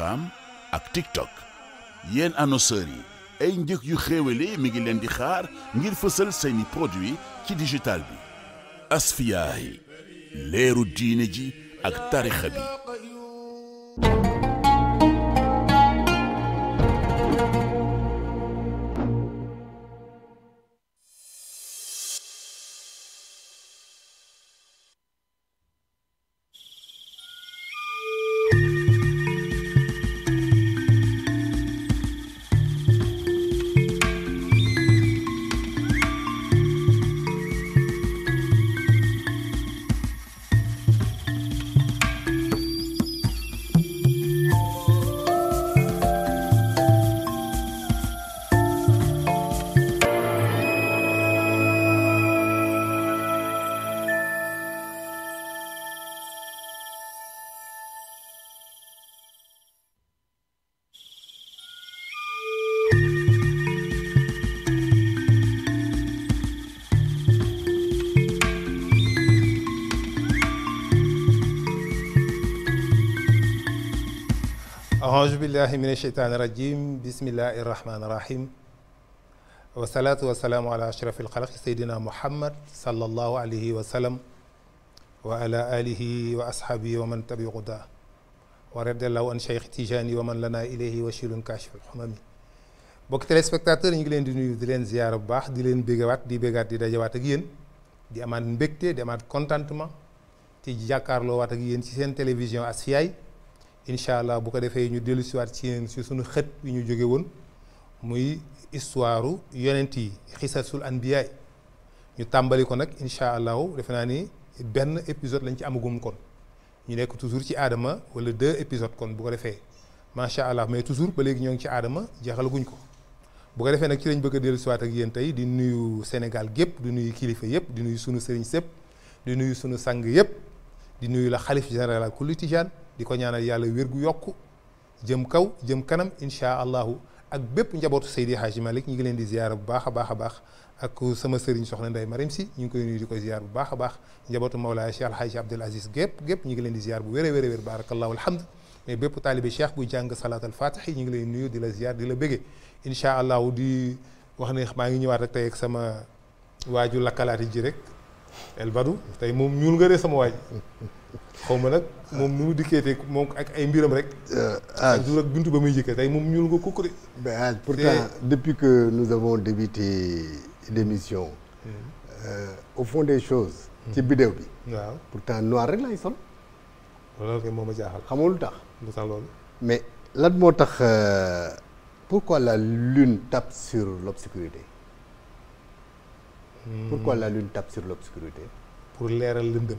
Instagram ak TikTok yéen annonceurs yi ay njëg yu xéewale mi ngi leen di xaar ngir fësal seeni produit ci digital bi Asfiyahi leeru diine ji ak tarixa bi billahi min asheytaani rajim bismillahi irrahmaani irrahim wasalaatu wasalaamu ala ashrafi alxalqi seydina muhammad sallallahu alayhi wa sallam wa ala alihi wa ashaabihi wa man tabi huda wa radiallahu an cheikh tijani wa man lana ilayhi wa shilun kashif alxumami bokk téléspectateur ñu ngi leen di nuyu di leen ziyaara bu baax di leen béggawaat di béggaat di dajawaat ak yéen di amaat mbégte di amaat contentement ci jàkkaarloo waat ak yéen ci seen télévision Asfiyahi incha allah bu ko defee ñu dellu siwaat ci yéen si suñu xët yu ñu jóge woon muy histoire yonent yi xisasul anbiyaay ñu tàmbali ko nag incha allahu defe naa ni benn épisode lañ ci amagum kon ñu nekk toujours ci aadama wala deux épisodes kon bu ko defee macha allah mais toujours ba léegi ñoo ngi ci aadama jeexalaguñ ko bu ko defee nag ci lañ bëgg a dellu siwaat ak yéen tey di nuyu Sénégal gépp di nuyu kilifa yëpp di nuyu sunu sëriñ sëpp di nuyu sunu sang yëpp di nuyu la xalif général ak kulli tijaan di ko ñaanal yàlla wér gu yokku jëm kaw jëm kanam incha allahu ak bépp njabootu Seydi Hadji Malick ñu ngi leen di ziyaara bu baax a baax a baax ak sama sëriñ soxna Ndeye Marim si ñu ngi koy nuyu di koy ziyaar bu baax a baax njabootu Mawlaay Cheikh Alhaji Abdoul Aziz gépp gépp ñu ngi leen di ziyaar bu wér wér wér barakallaahu alhamd mais bépp taalibe cheikh buy jàng salaat al fatihi ñu ngi lay nuyu di la ziyaar di la bëggee incha allahu di wax ne maa ngi ñëwaat rek tey ak sama waaju lakkalaati ji rek El tey moom ñuul nga de sama waaj xaw ma nag moom nu mu dikkee moom ak ay mbiram rek. ah euh, toujours ak buntu ba muy yëkkatee moom ñuul nga kukku de. mais pourtant depuis que nous avons débuté l'émission. Hmm. Euh, au fond des choses. Hmm. ci bidéew bi. waaw pourtant noir rek lay sol. loolu que moom a jaaxal. xamul lu tax. lu tax loolu. mais lan moo tax euh, pourquoi la lune tape sur l'obscurité hmm. pourquoi la lune tape sur l'obscurité pour leeral lëndëm.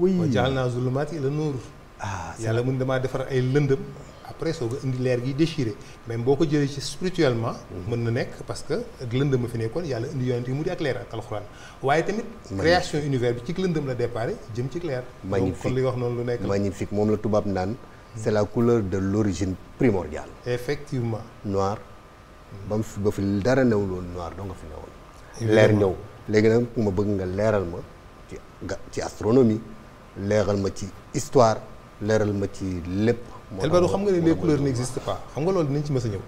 oui wa jaal naa zulumaat ila nuur ah yàlla mun damaa defar ay lëndëm. après indi leer gi déchiré même boo ko jëlee ci spirituellement. Mhm. mën na nekk parce que ak lëndëm ma fi nekkoon yàlla indi yonent yi mu di ak waaye tamit. création univers bi ci lëndëm la déparé jëm ci leer. magnifique kon li wax noonu lu nekk. magnifique moom la tubaab naan. c'est la couleur de l'origine primordiale. effectivement. noir ba mu fi ba dara newul woon noir doo nga fi newoon. leer ñëw léegi nag ma bëgg nga leeral ma ci ci astronomie. leeral ma ci histoire leeral ma ci lépp. moo Elbado xam nga ne les couleurs n'existent xam nga loolu dinañ ci mës a ñëw.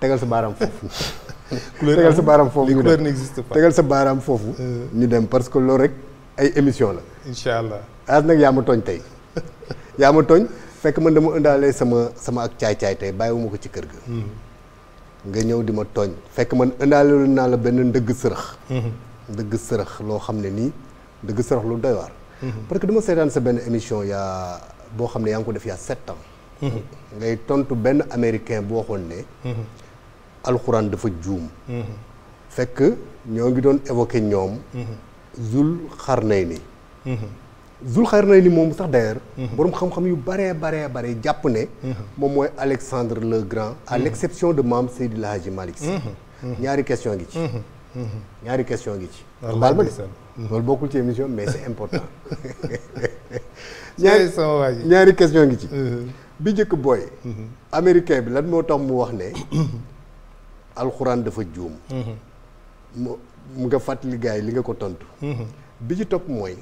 tegal sa baaraam foofu. tegal sa baaraam foofu ñu dem sa baaraam foofu. ñu dem parce que loolu rek ay émission la. incha allah as nag yaa ma tooñ tey yaa ma tooñ fekk man dama indaale sama sama ak caay-caay tey bàyyiwuma ko ci kër ga. Hmm. nga ñëw di ma tooñ fekk man ëndaale naa la benn ndëgg sërëx. Hmm. ndëgg sërëx loo xam ne nii dëgg sërëx lu doy waar. Mm-hmm. parce que dama seetaan émission a boo ans. Mm-hmm. ngay tontu benn américain de que ne. Mm-hmm. alxuraan dafa juum. fekk ñoo ngi évoqué zul Kharneini. zul d'ailleurs. Alexandre le Grand. à l'exception de Mam Seydi El Malik. ñaari ñaari question ngi ci. baal ma de loolu bokkul ci émission mais c'est important. ñaari question ngi ci. Mhm. bi njëkk booy. Mhm. américain bi lan moo tax mu wax ne. alxuraan dafa juum. Mhm. mu nga fàttali gars li nga ko tontu. bi ci topp mooy.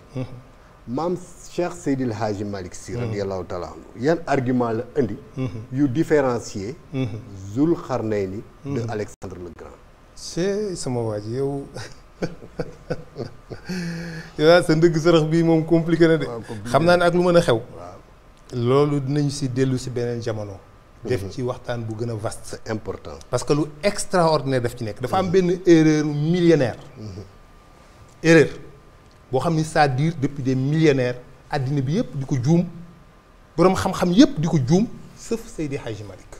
maam Cheikh Seydil Hadji Malick Sy radiyallahu taala anhu yan argument la indi. yu différencier. Zul Xarnayni de Alexandre le Grand. c' sama waa ji yow yow sa ndëgg sërëx bii moom compliqué na de. xam naa ne ak lu mën a xew. loolu dinañ si dellu si beneen jamono. def ci waxtaan bu gën a vaste. c'est important parce que lu extraordinaire daf ci nekk. dafa am benn erreur millionnaire. erreur boo xam ni c'est-à-dire depuis des millionnaires àddina bi yëpp di ko juum boroom xam-xam yëpp di ko juum sauf Seydi Hadji Malick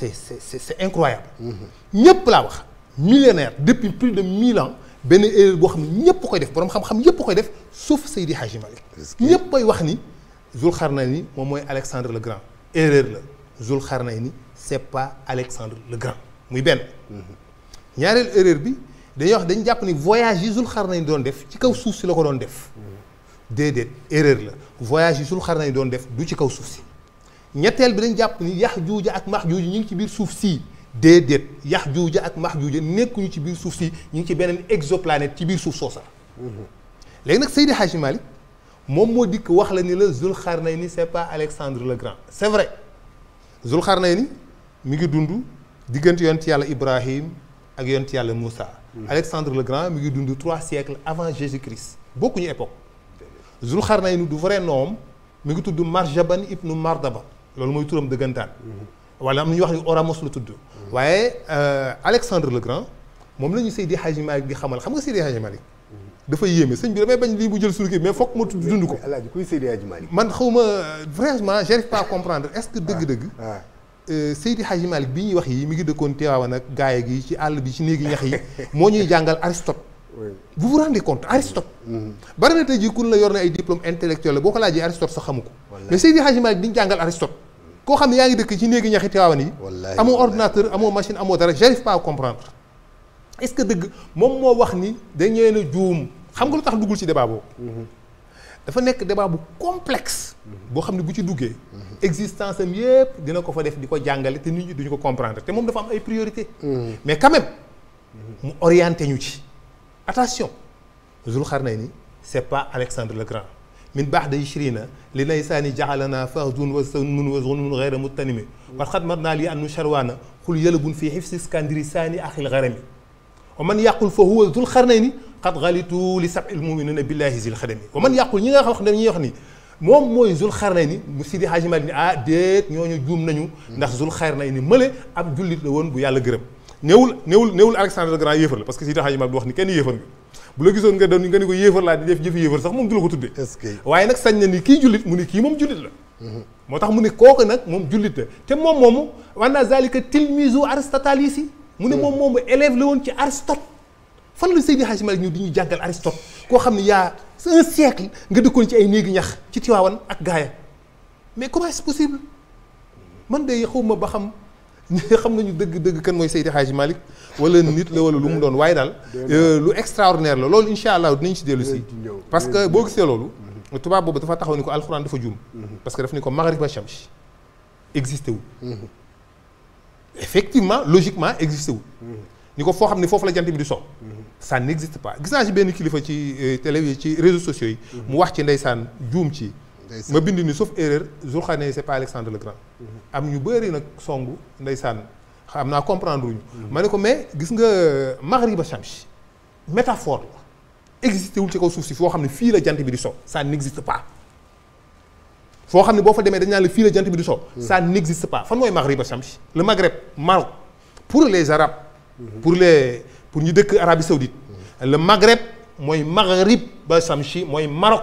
c'est incroyable. ñëpp millionnaire depuis plus de 1000 ans ben erreur bo xamni ne koy def borom xam-xam ñepp koy def sauf Seydi Hadji Malick. ñëpp wax ni Alexandre le Grand erreur la Zulqarnayni c'est pas Alexandre le Grand muy ben ñaareel erreur bi dañuy wax dañ japp ni voyage doon def ci kaw doon def. erreur la voyage pas doon def du ci ñetteel bi dañ jàpp ni yax juuja ak max juuja ñu ngi ci biir suuf sii déedéet yax juuja ak max juuja nekkuñu ci biir suuf sii ñu ngi ci beneen exoplanète ci biir suuf soo sax mm-hmm. léegi nag Seydi Hadji Malick moom moo dikk wax la ni la ni c'est pas Alexandre le Grand c'est vrai Zulxarnayni mi ngi dund diggante yonent yàlla Ibrahim ak yonent yàlla Moussa mm-hmm. Alexandre le Grand mi ngi dund trois siècles avant Jésus-Christ bokkuñu époque Zulxarnayni du vrai nom mi ngi tudd Marjaban ibnu Mardaba loolu mooy turam dëggantaan wala am na wax ni Oramos la tudd waaye euh, Alexandre le Grand moom la ñu Seydi Hadji malik di xamal xam nga Seydi Hadji Malick dafa yéeme sëñ bi damay bañ lii bu jël suñu mais fokk ma tudd dund ko alaaji kuy Seydi Hadji malik man xaw ma vraiment j'arrive pas à comprendre est-ce que dëgg-dëgg ah. Ah. Euh, Seydi Hadji malik bi ñuy wax yi mi ngi dëkkoon Tiwaawan ak gaay gi ci àll bi ci néegi ñax yi moo ñuy jàngal Aristote vous vous rendez compte Aristote. Mhm. bari na tey la diplôme intellectuel vous Aristote mais Seydi Haji si di jangal Aristote. ko xamni ne yaa ci à ñaxi amo ordinateur machine Je j'arrive pas à comprendre. est-ce que vous mom que... wax ni dañu leen juum xam nga lutax duggul ci débat bo mhm. dafa nek débat bu complexe. bo xamni bu ci mhm. existence am yépp dina ko fa def diko comprendre té mom dafa am ay priorité mais quand même mu orienté ñu ci. attention ذو القرنين c'est pas Alexandre le Grand min yishrina li fahdun wa wa من بعد عشرين لليسان جعلنا فهد وسن وزن غير متنم وقد مرنا لأن شروان قل يلب في حفظ اسكندرسان أخي الغرم ومن يقول فهو qad ghalitu li sab'il mu'minina billahi zil khadami wa man yaqul ñi nga wax ñi wax ni mom moy zul xarnay ni mu sidi haaji malik ni a déet ñoñu joom nañu ndax zul xarnay ni mële ab julit la won bu yàlla gërëm néewul néewul néewul Alexandre le yéefar la parce que si taxaa imaam di wax ni kenn yéefar nga bu la gisoon nga doon nga ni ko yéefar laa di def yéefar sax moom du la ko tuddee waaye nag sañ na ni kii jullit mu ni kii moom jullit la moo tax mu ne kooku nag moom jullit la te moom moomu wanna zalika tilmizu aristotalis yi mu ne moom moomu élève la woon ci Aristote fan la Seydi Hadji Malick ñëw di ñu jàngal Aristote koo xam ne yaa un nga dëkkoon ci ñax ci Tiwaawan ak gaaya mais comment est-ce possible man de xawma ba xam xam nañu dëgg-dëgg kan mooy Seydi Hadji Malick wala nit la wala lu mu doon waaye daal euh, lu extraordinaire la loolu incha allah dinañ ci dellu si parce que boo gisee loolu mm-hmm. tubaab boobu dafa taxaw ni ko alxuraan dafa juum mm-hmm. parce que daf ni ko maghriba shams existé wu mm-hmm. effectivement logiquement existé wu ni ko foo xam ne foofu la jant bi di so ça n'existe pas gis naa ci benn kilifa ci euh, télé ci réseaux sociaux yi mu wax ci ndeysaan juum ci ma bind sauf erreur Zurxane yi c'est pas Alexandre le Grand. Mhm. am ñu bëri nag songu ndeysaan xam comprendre ñu mhm. ma ne ko mais gis nga euh, Maghriba Chamsi métaphore la existé wul ci kaw suuf si foo xam que fii la jant bi di so ça n'existe pas foo xam ne boo fa demee dañ naan la fii la jant bi di so mhm. ça n'existe pas fan mooy Maghriba Chamsi le Maghreb Maroc pour les arabes pour les pour ñu dëkk Arabes Saoudite le Maghreb mooy Maghriba Chamsi mooy Maroc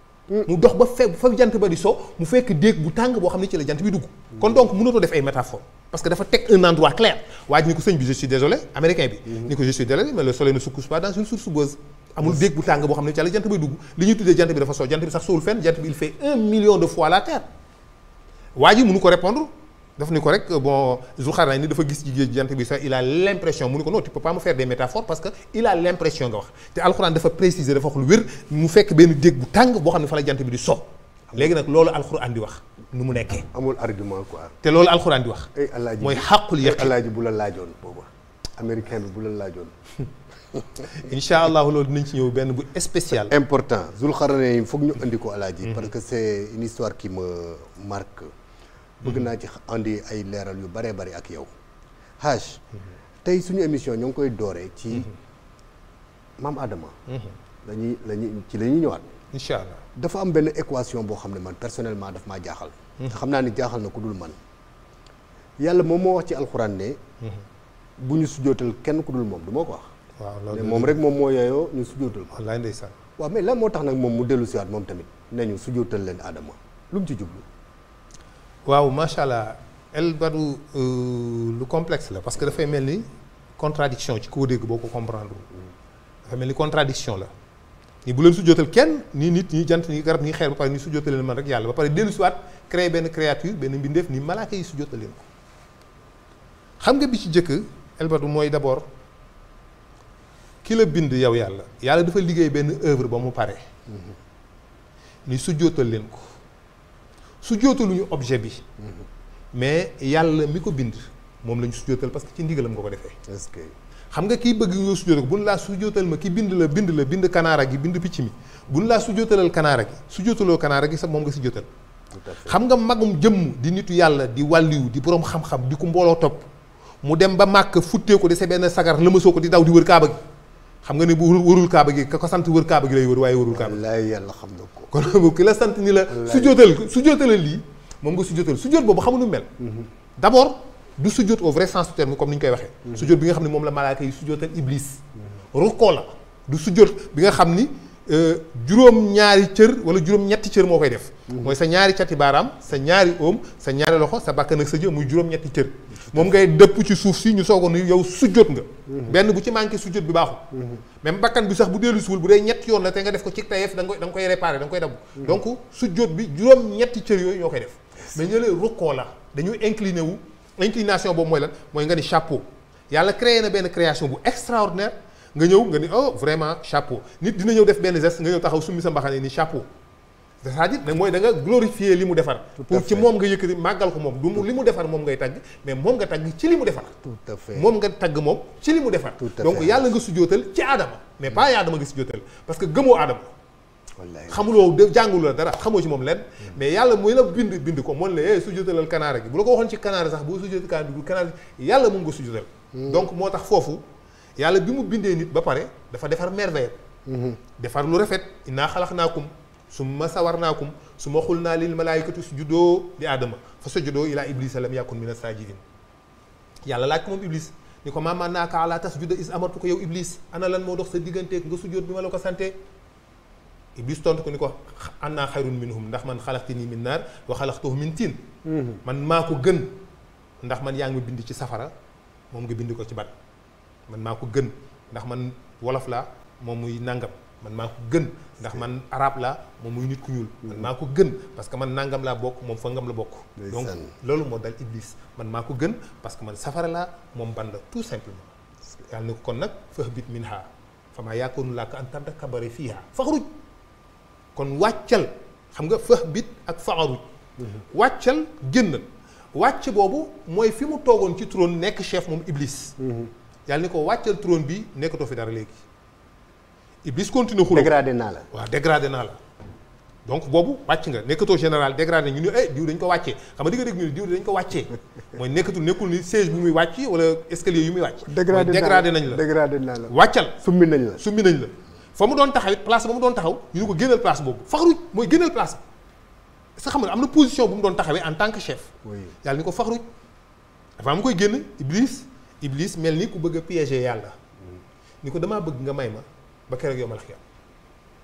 Mm. mu dox ba fe fa jant ba di so mu fekk deg bu tang bo xamni ci la jant bi dugg kon donc mënatoo def ay métaphore parce que dafa tek un endroit clair waa ni ko sëñ bi je suis désolé américain bi mm-hmm. ni ko je suis désolé mais le soleil ne se couche pas dans une source boueuse amul deg bu tang bo xamni ci la jant bi dugg li ñuy tuddee jant bi dafa so jant bi sax sowul fen jant bi il fait 1 million de fois la terre waa ji mënu ko répondre daf ni rek euh, bon Zulqarnayn dafa gis ci jant bi sax il a l'impression. impression mu ni non tu peux pas me faire des métaphores parce que il a l'impression nga wax te alcorane dafa préciser dafa wax lu wér mu fekk ben déeg bu tang bo xamni ne fa la jant bi di so léegi nak lolu alcorane di wax nu mu amul argument quoi. te lolu alcorane di wax. ay eh, alaaji mooy xàqul eh, yaqin alaaji bu la laajoon booba américain bi bu la laajoon. inshallah lolu loolu ci ñew ben bu spécial. important Zulqarnayn foog ñu andi ko alaaji. Mm-hmm. parce que c'est une histoire qui me marque. bëgg naa ci indi ay leeral yu baree bari ak yow haj tey suñu émission ñoo ngi koy dooree ci maam Adama lañuy lañuy ci la ñuy ñëwaat incha dafa am benn équation boo xam ne man personnellement daf maa jaaxal xam naa ni jaaxal na ku dul man yàlla moom moo wax ci alxuraan ne bu ñu sujootal kenn ku dul moom du moo ko wax waaw loolu moom rek moom moo yooyoo ñu sujootal ma wallaay ndeysaan waaw mais lan moo tax nag moom mu dellu siwaat moom tamit nañu sujootal leen Adama lu mu ci jublu waaw macha allah el badu euh, lu complexe la parce que dafay mel ni contradiction ci koo dégg boo ko comprendre dafay mel ni contradiction la ni bu leen su jootal kenn ni nit ñi jant ni garab ni xeer ba pare ni su jootal leen man rek yàlla ba pare dellu siwaat créé benn créature benn mbindeef ni malaaka yi su jootal leen ko xam nga bi ci jëkk el badu mooy d'abord ki la bind yow yàlla yàlla dafa liggéey benn œuvre ba mu pare mhm. ni su jootal leen ko su ñu objet bi mais yàlla mi ko bind moom la ñu su jootal parce que ci ndigalam nga ko defee est que xam nga kiy bëgg yoo su bu buñ laa su jootal ma ki bind la bind la bind kanaara gi bind picc mi buñ laa su jootalal kanaara gi su jootaloo kanaara gi sax moom nga si jootal xam nga magum jëmm di nitu yàlla di wàlliwu di boroom xam-xam di ku mbooloo topp mu dem ba màkk futtee ko de sa benn sagar lëmasoo ko di daw di wër kaaba gi xam nga ne bu wërul kaaba gi ko sant wër kaaba gi lay wër waaye wërul kaaba gi yàlla xam na ko kon bu ki la sant ni la su jootal lii moom nga su jootal su joot boobu xamuñu mel mhm. d'abord du su joot au vrai sens comme ni ñu koy waxee mhm. su joot bi nga xam ne moom la malaaka yi su jootal iblis mhm. rukkoo la du su bi nga xam ni Euh, juróom ñaari cër wala juróom ñetti cër moo koy def mhm. mooy sa ñaari cati baaraam sa ñaari oom sa ñaari loxo sa bakkan ak sa jë muy juróom ñetti cër moom ngay dëpp ci suuf si ñu soogoon ni yow sujjóot nga mhm. benn bu ci manqué sujjóot bi baaxu mhm. même bakkan bi sax bu dellu suwul bu dee ñetti yoon la te nga def ko ci tayef da nga koy da nga koy koy dabb donc sujjóot bi juróom ñetti cër yooyu ñoo koy def mais ñoo lee rukkoo la dañuy incliné wu inclination boobu mooy lan mooy nga ni chapeau yàlla créé na benn création bu extraordinaire nga ñëw nga ni oh vraiment chapeau nit dina ñëw def benn geste nga ñëw taxaw summi sa mbaxane ni chapeau c'est-à-dire ne mooy da nga li mu defar pour ci moom nga yëkkati màggal ko moom du li mu defar moom ngay tagg mais moom nga tagg ci li mu defar tout à fait moom nga ci li mu defar donc yàlla nga sujjootal ci aadama mais pas aadama nga sujjootal parce que gëmoo aadama xamuloo de jàngul la dara xamoo ci moom lenn hmm. mais yàlla muy la bind bind ko moom la eh sujjootalal kanaara bu la ko waxoon ci kanaara sax boo sujjootal kanaara gi yàlla moom nga sujjootal hmm. donc moo tax foofu yàlla bi mu bindee nit ba pare dafa defar merveille defar lu rafet innaa xalaqnaakum summa sawarnaakum summa xulnaa lil malaaykatu sujudoo li aadama fa sujudoo ilaa iblisa lam yakun mina saajidin yàlla laaj ko moom iblis ni ko maamaa naaka ala tasjuda is amartu ko yow iblis ana lan moo dox sa digganteeg nga sujjóot bi ma la ko sante iblis tontu ko ni ko annaa xayrun minhum ndax man xalaqtini min naar wa xalaqtuhu min tiin man maa ko gën ndax man yaa ngi ma bind ci safara moom nga bind ko ci bat man mako gën ndax man wolof la mom muy nangam man mako gën ndax man arab la mom muy nit ku ñuul man mako gën parce que man nangam la bok moom fangam la bok donc lolu mo dal iblis man mako gën parce que man safara la mom bande tout simplement yal na kon nak fa bit minha. fa ma yakun la ka an kon waccal xam nga fa bit ak faxaruj mhm. wàccal génnal wàcc boobu mooy fi mu togon ci trône nek chef mom iblis mhm. yàlla ni ko wàccal trône bi nekkatoo fi dara léegi Iblis continue xuloo dégradé naa la waaw dégradé naa la donc boobu wàcc nga nekkatoo général dégradé ñu ne eh diw dañ ko wàccee xam nga di nga dégg ñu ko wàccee mooy nekkatul nekkul ni siège bu muy wàcc wala escalier yu muy wàcc dégradé nañ la dégradé naa la wàccal summi nañ la summi la fa mu doon taxaw it place ba mu doon taxaw ñu ne ko génnal place boobu faxruj mooy génnal place sa xam am na position bu mu doon taxawee en tan que chef yàlla ni ko faxruj dafa am koy génn Iblis Iblis mel ni ku bëgg piéger yàlla ni ko damaa bëgg nga may ma ba keroog yow ma la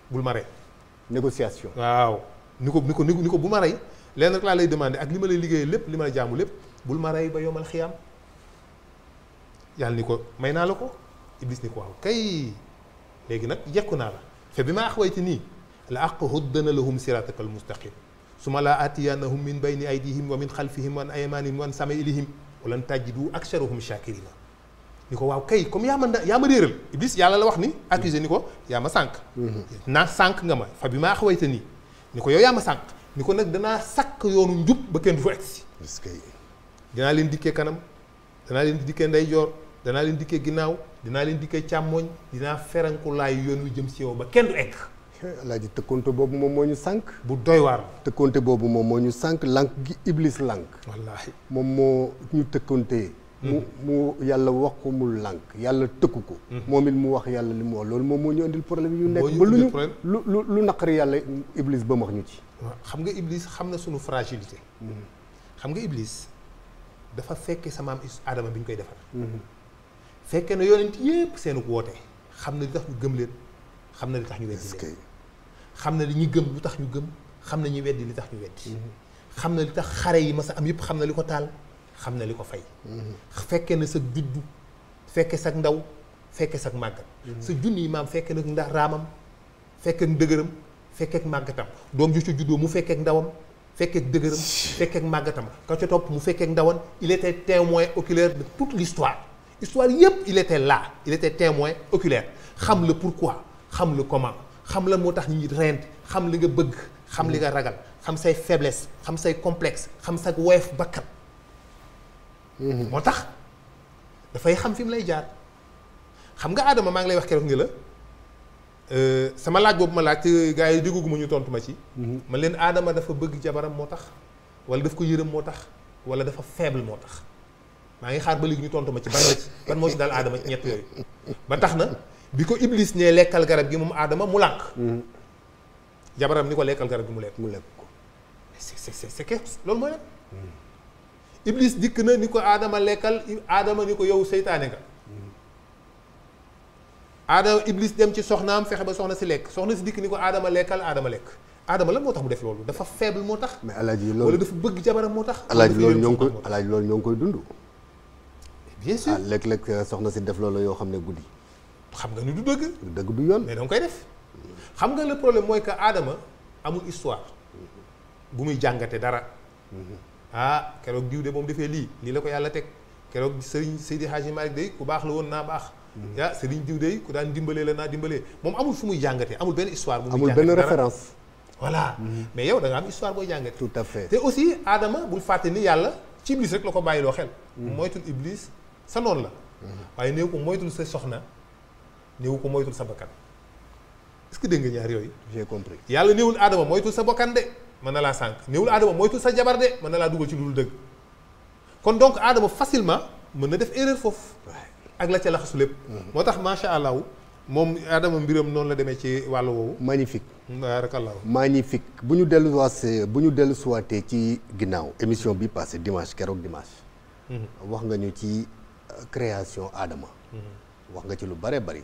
bul ma négociation waaw. ni ko ni ko ni ko bu ma rey rek la lay demander ak limalay liggéey lépp limalay jaamu lépp bul ma ba yomal xiyam yàlla ni ko may la ko iblis ni ko waaw kay légui nak yekku naa la fa bima ma axwayte nii la aquddana lahum siratakal mustaqim suma la atiyanahum min bayni aydihim wa min khalfihim wa an aymanihim wa an samailihim walan tajidu aksaruhum shakirina ni ko waaw kay comme yaa ma yaa ma réeral iblis yàlla la wax ni accusé ni ko yaa ma sànq mhm. na sànq nga ma fa bi maa xawayta nii ni ko yow yaa ma sànq ni ko nag danaa sàkk yoonu njub ba kenn du fa egsi danaa leen dikkee kanam danaa leen dikkee ndeyjoor danaa leen dikkee ginnaaw dinaa leen dikkee càmmooñ dinaa feranku laay yoon wi jëm si yow ba kenn du egg laaji tëkkonte boobu moom moo ñu sànq. bu doy waar. tëkkonte boobu moom moo ñu sànq lànk gi iblis lank wallaahi moom moo ñu tëkkantee. mu hmm. mu yàlla wax ko mu lank yàlla tëkku ko. Hmm. moom it mu wax yàlla li mu wax loolu moom moo ñu indil problème yu nekk. ba lu ñu lu lu lu naqari yàlla iblis ba wax ñu ci. xam nga iblis xam na suñu fragilité. Hmm. xam nga iblis dafa fekke sa maam Adama bi ñu koy defar. fekke na yonent yépp seen woote xam na li tax ñu gëm leen xam na li tax ñu weddi leen. xamna na li ñu gëm lu tax ñu gëm xamna ñi ñu weddi li tax ñu weddi mm-hmm. xamna li tax xaré yi mësa am yépp xamna liko taal xamna liko fay mm-hmm. fekké na sa juddu fekké sa ndaw fekké sa màggat mm-hmm. sa junniy maam fekke nag ndax fekké fekke dëgëram fekké ak màggatam doom ju ci juddoo mu fekké ak ndawam fekké ak dëgëram fekké ak màggatam ka ci top mu fekké ak ndawon il était témoin oculaire de toute l'histoire histoire yépp il était là il était témoin oculaire xam le pourquoi xam le comment xam la moo tax ñi rent xam li nga bëgg xam li nga ragal xam say faiblesse xam say complex xam sa woyof bakkan mhm. moo tax dafay xam fi mu lay jaar xam nga Adama maa ngi lay wax keroog ni la euh, sama laaj boobu ma laaj te gars yi dégguma ñu tontuma ma ci mhm. ma leen aadama dafa bëgg jabaram moo tax wala daf ko yërëm moo tax wala dafa faible moo tax maa ngi xaar ba léegi ñu tontu ma ci ban la ci ban moo ci daal Adama ci ñett yooyu ba tax na biko iblis ne lekkal garab gi mum adama mu lànk jabaram niko ko lekkal garab gi mu lek mu lek ko c'est c'est loolu mooy lépp iblis dik na niko adama aadama lekkal aadama ni yow seytaane nga adama iblis dem ci soxnam fexe ba soxna ci lek soxna ci dik niko adama aadama lekkal aadama lekk aadama lan motax tax mu def loolu dafa faible motax mais alaaji loolu wala dafa bëgg jabaram motax tax alaaji ñong ñoo ngi koy alaaji loolu ñoo koy dundu bien sur lek lek soxna ci def loolu yo xamné goudi xam nga ni du dëgg. dëgg du yoon mais danga koy def. xam nga le problème mooy que aadama amul histoire bu muy jàngate dara. ah keroog diw de moom defee lii lii la ko yàlla teg keroog Serigne Seydi Hadji Malick day ku baax la woon naa baax. ah Serigne diw day ku daan dimbalee la naa dimbalee moom amul fu muy jàngatee amul benn histoire. bu muy jàngatee amul benn référence. voilà mhm. mais yow da am histoire booy jàngate. tout te aussi aadama bul fàtte ni yàlla ci la ko bàyyiloo xel. Mhm. moytul iblis sa noonu la. Mhm. waaye néew ko sa soxna. néew ko moytul sa bakkan est-ce que dégg nga ñaar yooyu. j'ai compris yàlla néewul aadama moytul sa bakkan de mën na laa sànq néewul aadama moytul sa jabar de mën na laa dugal ci lu dul dëgg kon donc aadama facilement mën na def erreur foofu. ak la ca laxasu lépp. Mm-hmm. moo tax macha allah moom aadama mbiram noonu la demee ci wàll woowu. magnifique. barakallahu magnifique bu ñu dellu waasee bu ñu dellu suwaatee ci ginnaaw émission bi passé dimanche keroog dimanche. Mm-hmm. wax nga ci euh, création aadama. Mm-hmm. nga ci lu bare bari.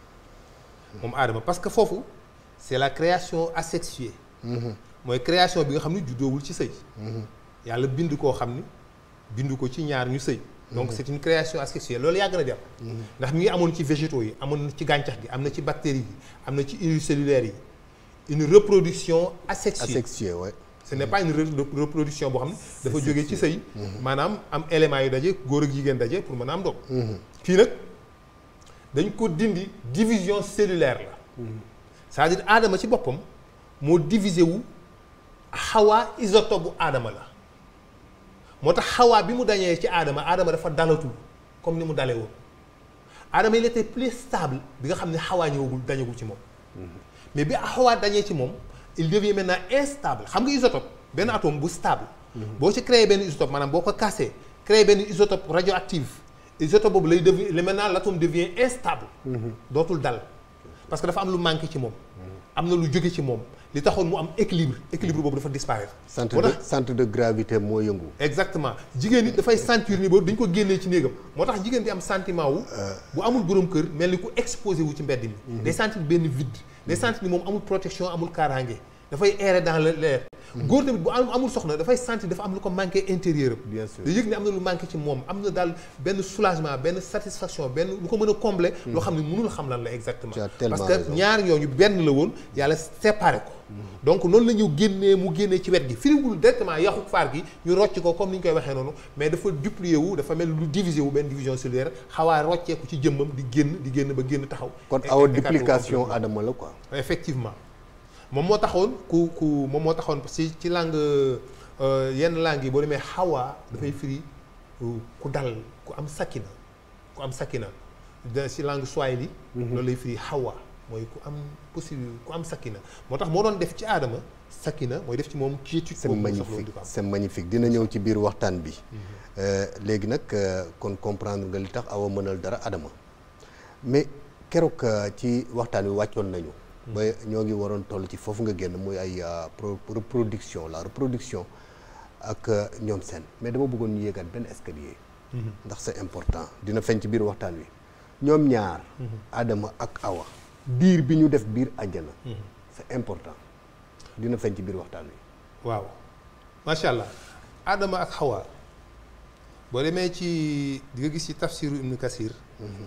moom aadama parce que fofu c'est la création asexuée mhm. mooy création bi nga xamni ni juddoowul ci hmm yalla bind ko xamni ni bind ko ci ñaar ñu sëy donc mhm. c'est une création asexuée loolu yàgg na dem mhm. ndax mi ngi amoon ci végétaux yi amone ci gàncax gi amna ci bactéries yi amna ci cellules yi une reproduction asexuée asexuée ouais. ce n'est pas une reproduction boo xam ne dafa jógee ci sëy maanaam am élément yu daje góor ak daje pour madame donc. am dañ ko dindi division cellulaire la c'est-à-dire aadama ci boppam moo divisé wu xawaa isotope bu aadama la moo Hawa, xawaa bi mu dañee ci aadama aadama dafa dalatul comme ni mu dalee woon aadama il était plus stable bi nga xam ne xawaa ñëwagul dañagul ci moom mais bi Hawa dañee ci moom il devient maintenant instable xam nga isotope Ben atome bu stable mhm. boo ci créé ben isotope maanaam boo ko cassé créé benn isotope radioactif isotope boobu lay maintenant l'atome devient instable dootul dal parce que dafa am lu manque ci moom am na lu jóge ci moom li taxoon mu am équilibre équilibre boobu dafa disparaître centre de centre de gravité moo yëngu exactement jigéen it dafay sentir ni boobu dañ ko génnee ci néegam moo tax jigéen am sentiment wu bu amul borom kër mel ni ku exposé wu ci mbedd mi mhm. day sentir benn vide day sentir ni moom amul protection amul kaaraange dafay errer dans l'air góor tamit bu amul soxna dafay sentir dafa am lu ko manqué intérieur bien sûr yëg ne am na lu manqué ci mom amna dal ben soulagement ben satisfaction ben lu ko mën combler. Hmm. lo xamni ne mënul xam lan la exactement. parce que ñaar ñooñu ben la woon yalla séparé ko. Hmm. donc non la ñu génnee mu génnee ci wet gi firiwul directement yaxu far gi ñu rocc ko comme ni koy waxé noonu mais dafa duplier wu dafa mel lu diviser wu ben division cellulaire xawa xawaa ko ci jëmmam di génn di génn ba génn taxaw. kon aw duplication Adama la quoi. effectivement. Momo mo taxone ku ku momo mo taxone si ci langue eh, yenn langue bo demé hawa da fay firi ku dal ku am sakina ku am sakina ci langue swahili loolu lay firi hawa moy ku am possible ku am sakina motax mo don def ci adama sakina moy def ci ci quiétude c'est magnifique c'est magnifique dina ñew ci bir waxtan bi mhm. euh, légui nak euh, kon comprendre nga li tax awa meunal dara adama mais kérok euh, ci waxtan wi wàccoon nañu ba ñogi waron waroon toll ci fofu nga genn muy ay euh, reproduction la reproduction ak euh, ñom sen, mais dama bëggoon ñu yéegaat ben escalier mhm. ndax c'est important dina fën ci biir waxtan wi ñom ñaar mhm. Adama ak Awa biir bi ñu def biir aljana mhm. c'est important dina fën ci biir waxtan wi waaw macha allah Adama ak Awa bo démé ci diga gis ci tafsir Ibn Kasir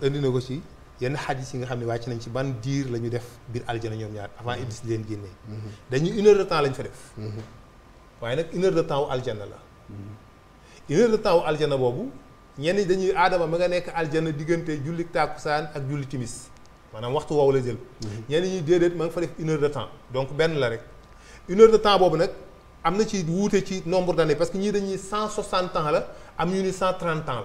indi na ko ci yenn xadis si nga xam ne wàcc nañ ci ban diir la ñu def biir aljana ñoom ñaar avant iblis di leen génnee mhm. dañuy une heure de temps lañ fa def mhm. waaye nag une de temps wu mhm. de temps wu boobu ñeen ñi dañuy aadama ma nga nekk aljana diggante julli tàkkusaan ak julli timis maanaam waxtu woowu la jël ñenn ñi déedéet ma nga fa def une de temps donc benn la rek une de temps boobu nag am na ci wuute ci nombre d'années parce que ñii dañuy cent soixante ans la am ñu ni cent trente la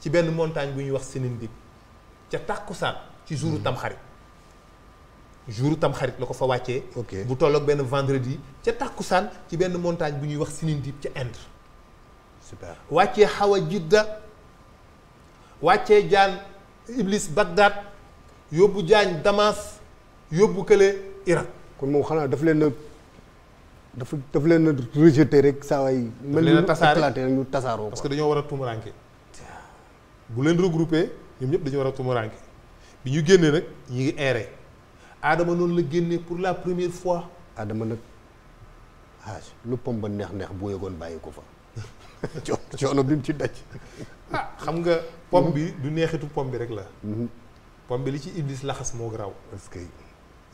ci benn montagne bu ñuy wax Sinindib ca tàkkusaan ci jouru hmm. tamxarit jouru tamxarit la ko fa wàccee bu tolloog benn vendredi ca tàkkusaan ci benn montagne bu ñuy wax Sinindib ca Inde super wàccee Hawa Jidda wàccee jaan Iblis Bagdad yóbbu jaan Damas yóbbu kële Irak kon moom xanaa daf leen a daf daf leen a rek saa waay mel ni tasaare ñu tasaaroo parce que dañoo war a tumuraanke bu leen regroupé ñoom ñëpp dañu war a tumuraanke bi ñu génnee nag ñu ngi erré aadama noonu la génnee pour la première fois. Adama nag ah lu pom ba neex-neex boo yëgoon bàyyi ko fa coono bi mu ci daj. ah xam nga pom bi du neexitu pom bi rek la. Mhm. pom bi li ci Iblis laxas moo garaaw. parce que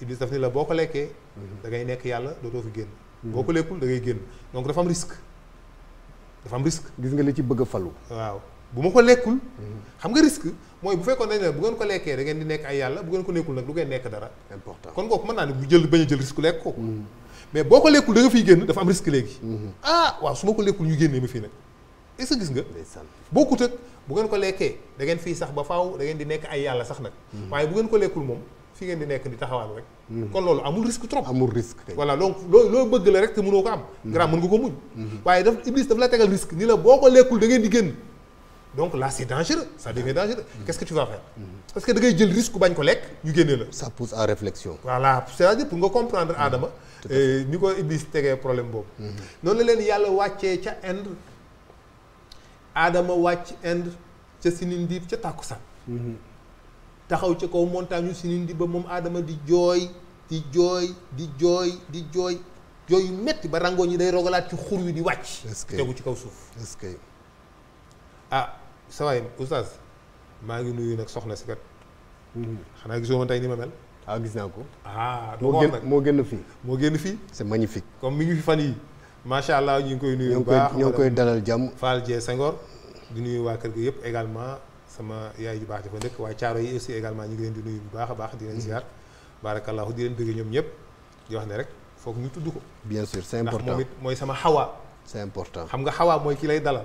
Iblis daf ni la boo ko lekkee. Mhm. da ngay nekk yàlla dootoo fi génn. Mhm. boo ko lekkul da ngay génn donc dafam am risque. dafa risque. gis nga li ci bëgg a falu. waaw. buma ko lekul xam nga risque moy bu fekkone dañ la bu ngeen ko lekke da ngeen di nek ay yalla bu ngeen ko lekkul nak du ngeen nek dara important kon kooku man naa bu jël baña jël risque lekk ko mais boko lekul da nga fiy génn dafa am risque léegi mm-hmm. ah wa suma ko lekul ñu génnee ma fi nag est-ce que gis nga bokut ak bu ngeen ko lekke da ngeen fi sax ba faaw da ngeen di nek ay yalla sax nak mm-hmm. waye bu ngeen ko lekul mom fi ngeen di nek di taxawal rek mm-hmm. kon lolu amul risque trop amul risque voilà donc lo loo bëgg la rek te mënoo ko am garaam mën nga ko muñ waye daf iblis daf la tégal risque ni la boko lekul da ngeen di génn donc là c'est dangereux ça devient dangereux. quest ce que tu vas faire. parce que da ngay jël risque bañ ko lekk ñu génne ça pousse à réflexion. voilà cest à dire pour comprendre Adama. ni ko Iblis tegee problème boobu. noonu la leen yàlla wàccee ca Inde. Adama wàcc Inde ca Sinindib ca tàkkusaan taxaw ca kaw montagne yu Sinindib ba moom Adama di joy, di joy, di joy. di jooy jooy yu metti ba rangoon ñi day rogalaat ci xur wi di wàcc. tegu ci kaw suuf. ah. sawaay oustaz maa ngi nuyu nag soxla si kat. xanaa gisoo ma tey ni ma mel. ah gis naa ko. ah moo gën moo génn fii. moo génn fii. c'est magnifique. comme mi ngi fi fan yi macha allah ñu ngi koy nuyu bu baax ñoo ngi koy dalal jàmm. Fall Dieng Senghor di nuyu waa kër gi yëpp également sama yaay yu baax dafa dëkk waaye caaro yi aussi également ñu ngi leen di nuyu bu baax a baax. di leen ziar barakallahu di leen ñoom ñëpp di wax ne rek foog ñu tudd ko. bien sûr c'est important ndax mooy sama xawaa. c'est important xam nga xawaa mooy ki lay dalal.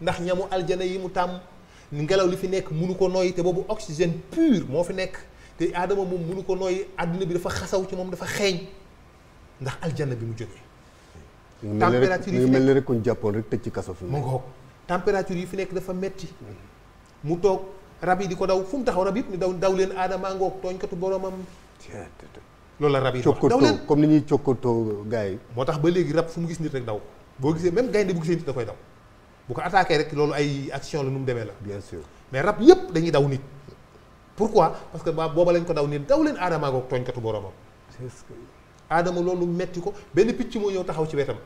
ndax ñamu aljana yi mu tam ngelaw li fi nek munu ko noy te bobu oxygène pur mo fi nek te adama mom munu ko noy aduna bi dafa xassaw ci mom dafa xéñ ndax aljana bi mu jógee température yi melni rek kuñ jappol rek tecc ci kasso fi mo ngoog température yi fi nek dafa metti mu tok rabbi diko daw fu mu taxaw rabbi ni daw daw len adama ngok togn katu boromam loolu la rabbi daw len comme ni ñi ciokoto gaay motax ba léegi rab fu mu gis nit rek daw bo gisee même gaay gaynde bu gisee nit da koy daw bu ko attaqué rek loolu ay action la nu mu demee la. bien sûr mais rab yëpp dañuy daw nit. pourquoi parce que ba booba lañ ko daw nit daw leen aadama goog tooñkatu boromam. aadama loolu metti ko benn picc moo ñëw taxaw ci wetam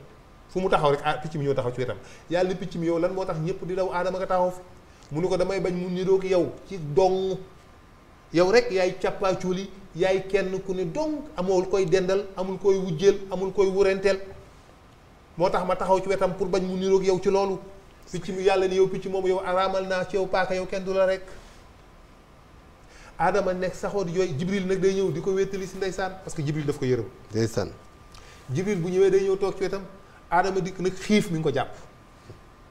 fu mu taxaw rek ah picc mi ñëw taxaw ci wetam yàlla ni picc mi yow lan moo tax ñëpp di daw aadama nga taxaw fi mu ni ko damay bañ mu niroo ki yow ci dong yow rek yaay càppaacuuli yaay kenn ku ne dong amul koy dendal amul koy wujjeel amul koy wurenteel moo tax ma taxaw ci wetam pour bañ mu niroo yow ci loolu picc mi yàlla ni yow picc moom yow araamal naa ci yow paaka yow kenn du la rek aadama nekk saxoo di jooy jibril nag day ñëw di ko wéttali si ndeysaan parce que jibril daf ko yërëm ndeysaan jibril bu ñëwee day ñëw toog ci wetam aadama dikk nag xiif mi ngi ko jàpp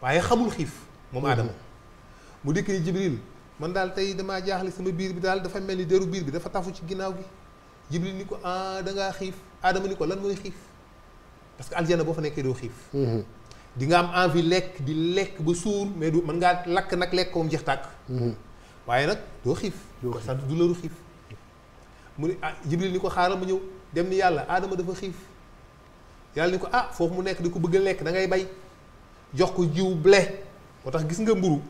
waaye xamul xiif moom aadama mm-hmm. mu dikk ni jibril man daal tey damaa jaaxle sama biir bi daal dafa mel ni deru biir bi dafa tafu ci ginnaaw gi jibril ni ko ah dangaa xiif aadama ni ko lan mooy xiif parce que aljana boo fa nekkee doo xiif mm-hmm. di nga am envie lek di lek bu sour mais du mën ngaa lakk nag lekk koom jeex nak do xif do sa ko la ru xif mu ni ah jibril ni xaaral ma ñew dem ni yalla adama dafa xif yalla ni ko ah fofu mu nek di ko bëgg lek da ngay bay jox ko jiw blé motax gis nga mburu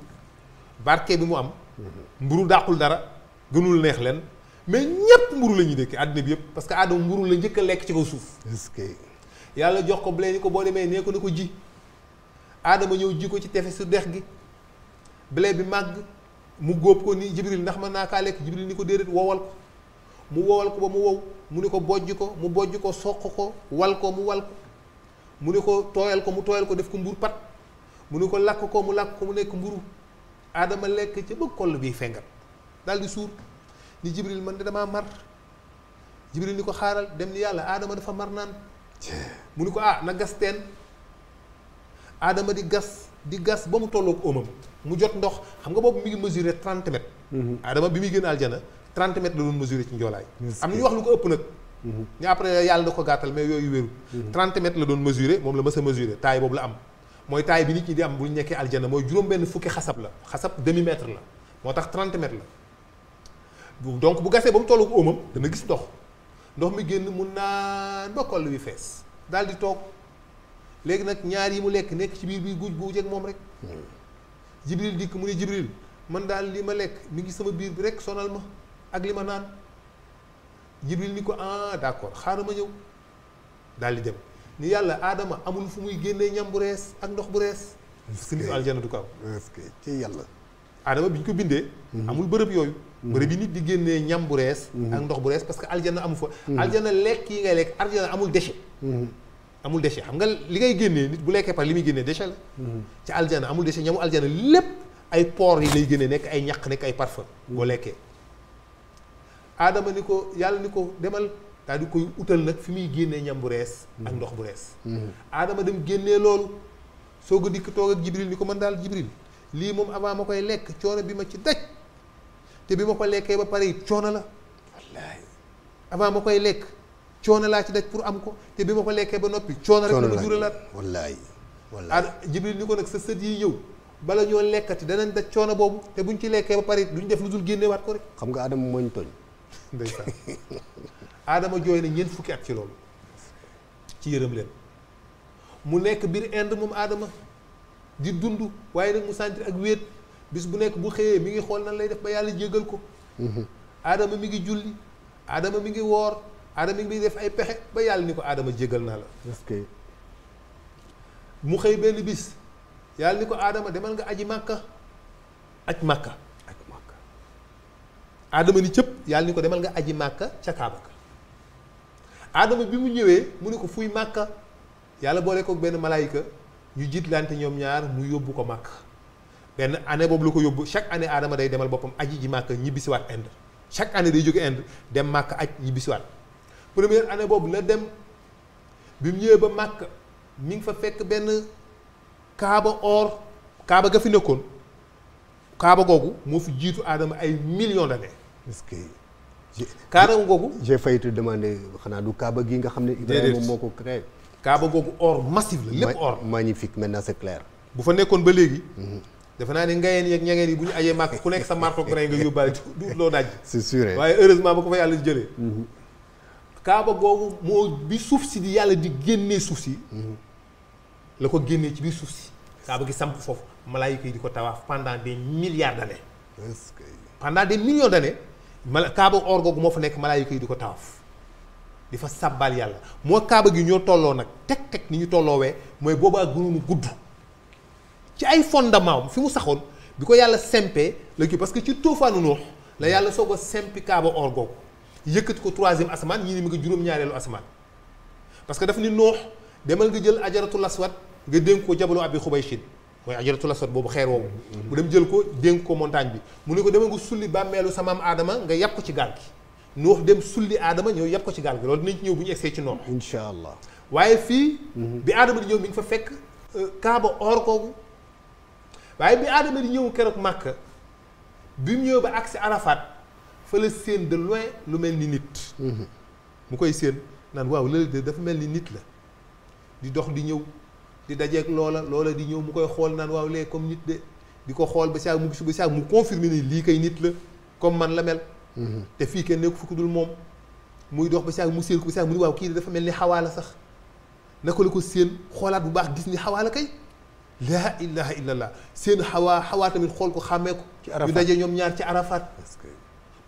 barke bi mu am mhm. mburu daqul dara gënul neex len mais ñepp mburu lañu ñuy dëkk àddina bi yëpp parce que adama mburu la njëkk lek ci ko suuf yalla jox ko blé ni ko boo demee nee ko ko ji aadama ñëw ji ko ci tefesu dex gi blé bi màgg mu góob ko ni jibril ndax mën naa kaa lekk jibril ni ko déedéet wowal ko mu wowal ko ba mu wow mu ni ko bojj ko mu bojj ko soq ko wal ko mu wal ko mu ni ko tooyal ko mu tooyal ko def ko mbur pat mu ni ko lakk ko mu lakk ko mu nekk mburu aadama lekk ca bëgg koll bi fengal daal di suur ni jibril man de damaa mar jibril ni ko xaaral dem ni yàlla aadama dafa mar naan mu ni ko ah na gas teen aadama di gas di gas ba mu tolloog óomam mu jot ndox xam nga boobu mi ngi mesurer trente mètres aadama mhm. bi muy génn aljana trente mètres la doon mesurer ci njoolaay am wax lu ko ëpp nag ñu mhm. après yàlla na ko gàttal mais yooyu wéru mhm. trente mètres doon mesurer moom la mës a taay taille boobu la am mooy taille bi nit ñi di am bu ñu nekkee aljana mooy juróom benn fukki xasab la xasab demi mètre la moo tax trente mètres la donc bu gasee ba mu tolloog óomam dana gis ndox ndox mi génn mun naan ba koll bi fees daal di toog léegi nag ñaar yi mu lekk nekk ci biir bi guuj guuj ak moom rek jibril dikk mu ne jibril man daal li ma lekk mi ngi sama biir bi rekk sonal ma ak li ma naan jibril ni ko ah d'accord xaaral ma ñëw daal di dem ni yàlla aadama amul fu muy génnee ñam bu rees ak ndox bu rees si nitu aljana ko am ci yàlla aadama bi ñu ko bindee mhm. amul bërëb yooyu mhm. bërëb yi di génnee ñam bu rees mhm. ak ndox bu rees parce que aljana amu fa aljana lekk yi ngay lekk aljana amul déchet amul déchet xam nga li ngay génnee nit bu lekkee par li muy génnee déchet la ci aljana amul déchet ñamu aljana lépp ay pores yi lay génnee nekk ay ñaq nekk ay parfum boo lekkee aadama ni ko yàlla ni ko demal daal di koy utal nag fi muy génnee ñam bu rees ak ndox bu rees aadama dem génne loolu soo ko dikk toog ak jibril ni ko mën daal jibril lii moom avant ma koy lekk coono bi ma ci daj te bi ma ko lekkee ba pare it coono la wallaahi avant ma koy lekk coono laa ci daj pour am ko te bi ma ko lekkee ba noppi coono rek dama juralaat wallaay wallaay jibril ni ko nag sa sët yi ñëw bala ñoo lekkati danañ daj coono boobu te buñ ci lekkee ba pare ñu def lu dul génneewaat ko rek xam nga adama mooñ tooñ ndeysaan adama na ñeent fukki ci loolu ci yërëm leen mu nekk biir Inde moom adama di dund waaye nag mu sentir ak wéet bis bu nekk bu xëyee mi ngi xool nan lay def ba yàlla jéggal ko mhm. adama mi ngi julli adama mi ngi woor aadama bi def ay pexe ba yàlla ni ko aadama jégal naa la mu xëy benn bis yàlla ni ko aadama demal nga aji màkka aj màkka aj màkka cëpp yàlla ni ko demal nga aji màkka ca kaaba bi mu ñëwee mu ne ko fuy màkka yàlla boole ko benn malaayika ñu lante ñoom ñaar mu yóbbu ko màkk benn année boobu la ko yóbbu chaque année aadama day demal boppam aji ji màkk ñibbisiwaat Inde chaque année day jóge ind dem màkk aj ñibbisiwaat première année bobu la dem bim ba mi fa fekk ben kaaba or ga fi fi ay millions d'années ce kaaba j'ai failli te demander xana du kaaba gi nga xamné ibrahim moko or massif or magnifique maintenant c'est clair bu fa nekkoon ba légui mhm. defe naa ne ngayeen yeeg ñangeen yi bu ñu ku sa nga du c'est sûr hein. waaye heureusement ba ko fa yàlla jëlee mhm kaaba googu moo bi suuf si di yàlla di génnee suuf si la ko génnee ci bi suuf si kaaba gi samp foofu malaayika yi di ko tawaaf pendant des milliards d'années pendant des millions d'années mala kaaba or googu moo fa nekk malaayika yi di ko tawaaf di fa sàbbaal yàlla moo kaaba gi ñoo tolloo nag teg teg ni ñu tolloowee mooy boobu ak gënoonu gudd ci ay fondement fi mu saxoon bi ko yàlla sempee la kii parce que ci tuufaanu Nuux la yàlla soog a sempi kaaba or googu yëkkati ko troisième asamaan ñii ni mu ngi juróom-ñaareelu asamaan parce que daf ni noox demal nga jël ajaratu laswat nga dénk ko jabalu abi xubaysin mooy ajaratu laswat boobu xeer woowu mu dem jël ko dénk ko montagne bi mu ne ko demal nga sulli bàmmeelu sa maam aadama nga yàpp ko ci gaal gi noox dem sulli aadama ñëw yàpp ko ci gaal gi loolu dinañ ci ñëw bu ñu egsee ci noox incha allah waaye fii bi aadama di ñëw mi ngi fa fekk kaaba or koogu waaye bi aadama di ñëw keroog màkk bi mu ñëw ba agsi arafat fa la séen de loin lu mel ni nit mu koy séen naan waaw lële de dafa mel ni nit la di dox di ñëw di dajeeg loola loola di ñëw mu koy xool naan waaw lee comme nit de di ko xool ba saa mu gis ba saa mu confirmer ni lii kay nit la comme man la mel te fii kenn nekku fukk dul moom muy dox ba saa mu séen ko ba saa mu ni waaw kii de dafa mel ni xawaa la sax naka la ko séen xoolaat bu baax gis ni xawaa la kay laa ilaha illallah seen xawaa xawaa tamit xool ko xàmmee ko ñu daje ñoom ñaar ci arafaat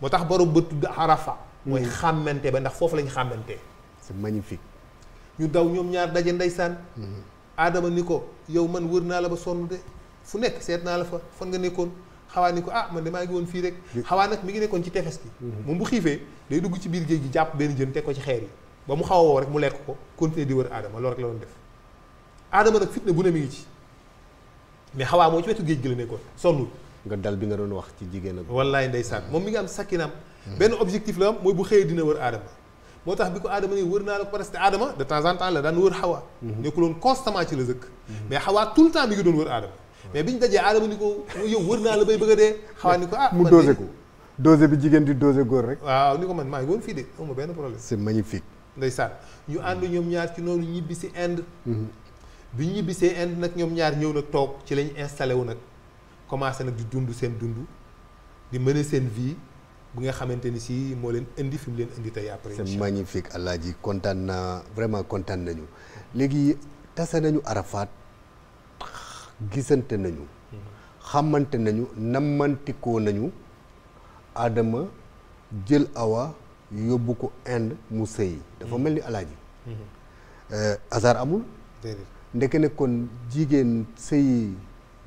moo tax borom ba tudd Arafa. mooy mm. xàmmante ba ndax foofu lañ xàmmante. c'est magnifique. ñu daw ñoom ñaar daje ndeysaan. Mm-hmm. Adama ni ko yow man wër naa la ba sonn de fu nekk seet naa la fa fan nga nekkoon xawaa ni ko ah man de maa ngi woon fii rek. xawaa nag mi ngi nekkoon ci tefes gi. Mm-hmm. moom bu xiifee day dugg ci biir géej gi jàpp benn jën teg ko ci xeer yi ba mu xaw woo rek mu lekk ko continuer di wër Adama loolu rek la doon def. Adama nag fitna bu ne mi ngi ci mais xawaa moo ci wetu géej gi la nekkoon sonnul. nga dal bi nga doon wax ci jigéen ak. wallaay ndeysaan moom mi nga am sakkinam. benn objectif la mooy bu xëyee dina wër aadama. moo tax bi ko aadama nii naa la ko parce que aadama de temps en temps la daan wër xawa. Mhm. nekkuloon constamment ci la dëkk. Mhm. ni ko wër naa la bay bëgg a dee. xawaa ni ko ah mu dosé ko dosé bi jigéen di dosé góor rek. waaw ni ko man maa ngi woon fii de amuma benn problème. c'est magnifique. ndeysaan ñu mhm. ànd ñoom ñaar ci noonu ñibbi si Inde. bi ñibbisee Inde nag ñoom ñaar ñëw nag toog ci lañ installé wu nag commencé nag di dund seen dund di mener seen vie bu nga xamante ni si moo leen indi fi mu leen indi tey après. c'est magnifique Alaaji kontaan naa vraiment kontaan nañu léegi tase nañu Arafat gisante nañu. xamante nañu nammantikoo nañu Adama jël Awa yóbbu ko Inde mu sëy dafa mel ni Alaaji. Mhm. Euh, hasard amul. ndeke ne kon jigéen sëy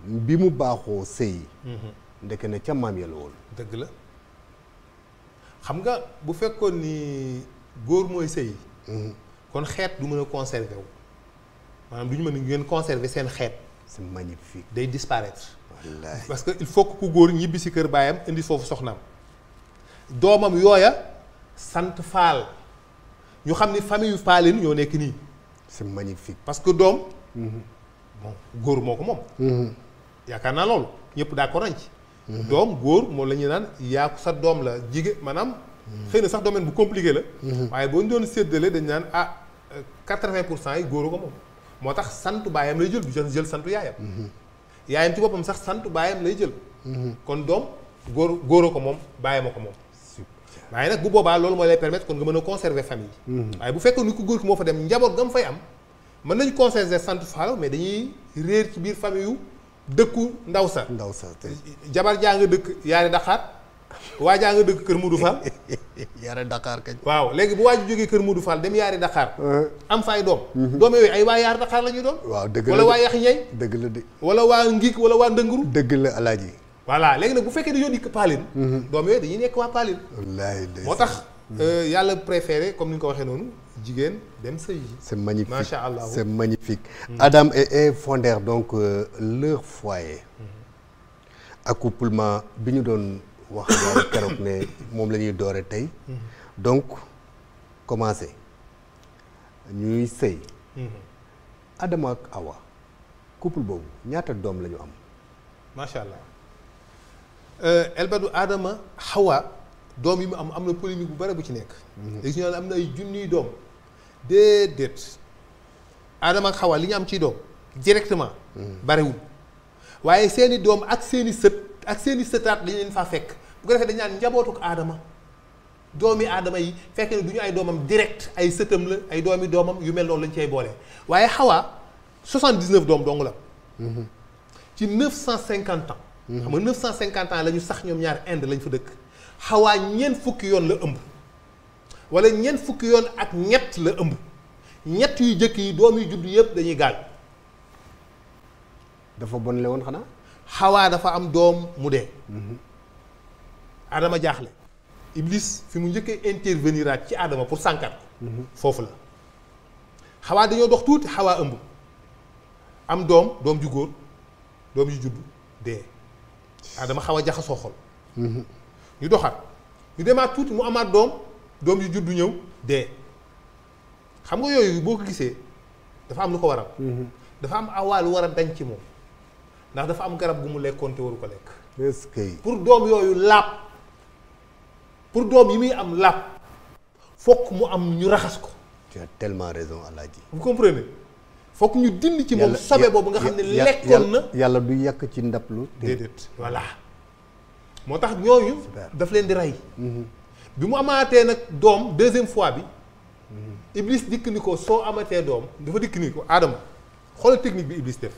bi mu sei, sëy mhm. ndeke ne ya la woon la xam nga bu fekkoon ni góor mooy sëy mhm. kon du a conserver wu maanaam c'est magnifique disparaître parce que faut que ku góor ñibbi kër indi foofu soxnaam doomam yooya sant faal ñu xam famille ñoo c'est magnifique parce que doom mhm. bon yaakaar naa loolu ñëpp d'accord nañ ci. dom góor mo la nane ya ko sa dom la jige manam xëy sax domaine bu compliqué la. waye boo ñu doon sédélé dañ naan ah 80% euh, yi góoru ko moom. moo tax santu baayam lay jël du jël santu yaayam. yaayam ci bopam sax santu bayam lay jël. kon dom góor góoroo ko moom bàyyama ko moom. waaye nag bu boba lol mo lay permettre kon nga mëna conserver famille. waye bu fekkee ni ko góor ko mo fa dem njaboot gam fay am mën nañu conserver santu faalo mais dañuy réer ci biir famille yu. dëkku ndaw sa ndaw sa jabar jaa nga dëkk yaari daqaar waa jaa nga dëkk kër Modou Fall yaari daqaar kañ waaw léegi bu waa ji jógee kër Modou Fall dem yaari daqaar uh-huh. am fa ay doom mm-hmm. doom yooyu ay waa yaari daqaar la ñuy doon waaw dëgg la wala waa dëgg la de wala waa ngiig wala waa ndënguru dëgg la alaaji voilà léegi nag bu fekkee dañoo dikk Paalin mm-hmm. doom yooyu dañuy nekk waa Paalin wallaahi moo tax mm-hmm. euh, yàlla préféré comme ni nga ko waxee noonu jigéen dem sëy c'est magnifique c'est magnifique. Mmh. Adam et Ève fondèrent donc euh, leur foyer. Mmh. accouplement bi ñu doon wax daal keroog ne moom la ñuy doore tey. Mm-hmm. donc commencé ñuy sëy. Mm-hmm. Adama ak Awa couple boobu ñaata doom la ñu am. macha euh, Elbadu Adama Hawa doom yi am am na polémique bu bare bu ci nekk. léegi mm-hmm. ñu naan am ay junniy doom. déedéet Adama ak Xawa li ñu am ci doom directement. Hmm. barewul waaye seeni doom ak seen i sët ak seeni i sëtaat dañu leen faa fekk bu ko defee dañu naan njabootuk Adama doomi Adama yi fekk ne du ñu ay doomam direct ay sëtam la ay doomi doomam yu mel noonu lañ cay boole waaye Xawa 79 doom dong la. Hmm. ci 950 ans. Hmm. xam nga 950 ans la ñu sax ñoom ñaar Inde lañ fa dëkk. xawaa ñeent fukki yoon la ëmb. wala ñen fukk yoon ak ñett la ëmb ñett yu jëkk yi doom yu judd yëpp dañuy gaañ dafa bon le woon xana xawaa dafa am doom mu dee adama jaaxle iblis fi mu njëkkee intervenir aat ci adama pour sànkat ko foofu la xawaa dañoo dox tuuti xawaa ëmb am doom doom ju góor doom ju judd dee adama xawa a jaxasoo xol ñu doxat ñu demaat tuuti mu amaat doom dom yu juddu ñew dé xam nga yoyu boko gissé dafa am luko ko waral. Mhm. dafa am awal waral dañ ci moom ndax dafa am garab gu mu lekkoon te waru ko lekk. est pour dom yoyu lap pour dom yi muy am lap fokk mu am ñu raxas ko. tu as tellement raison Alaaji. vous comprenez fokk ñu dindi ci moom sobe bobu nga xamné ne na. yalla du yak ci ndab lu. déedéet voilà motax ñoyu daf leen di hmm bi mu amaatee nag doom deuxième fois bi iblis dikk ni ko soo amatee doom dafa dikk ni ko aadama xoolal technique bi iblis def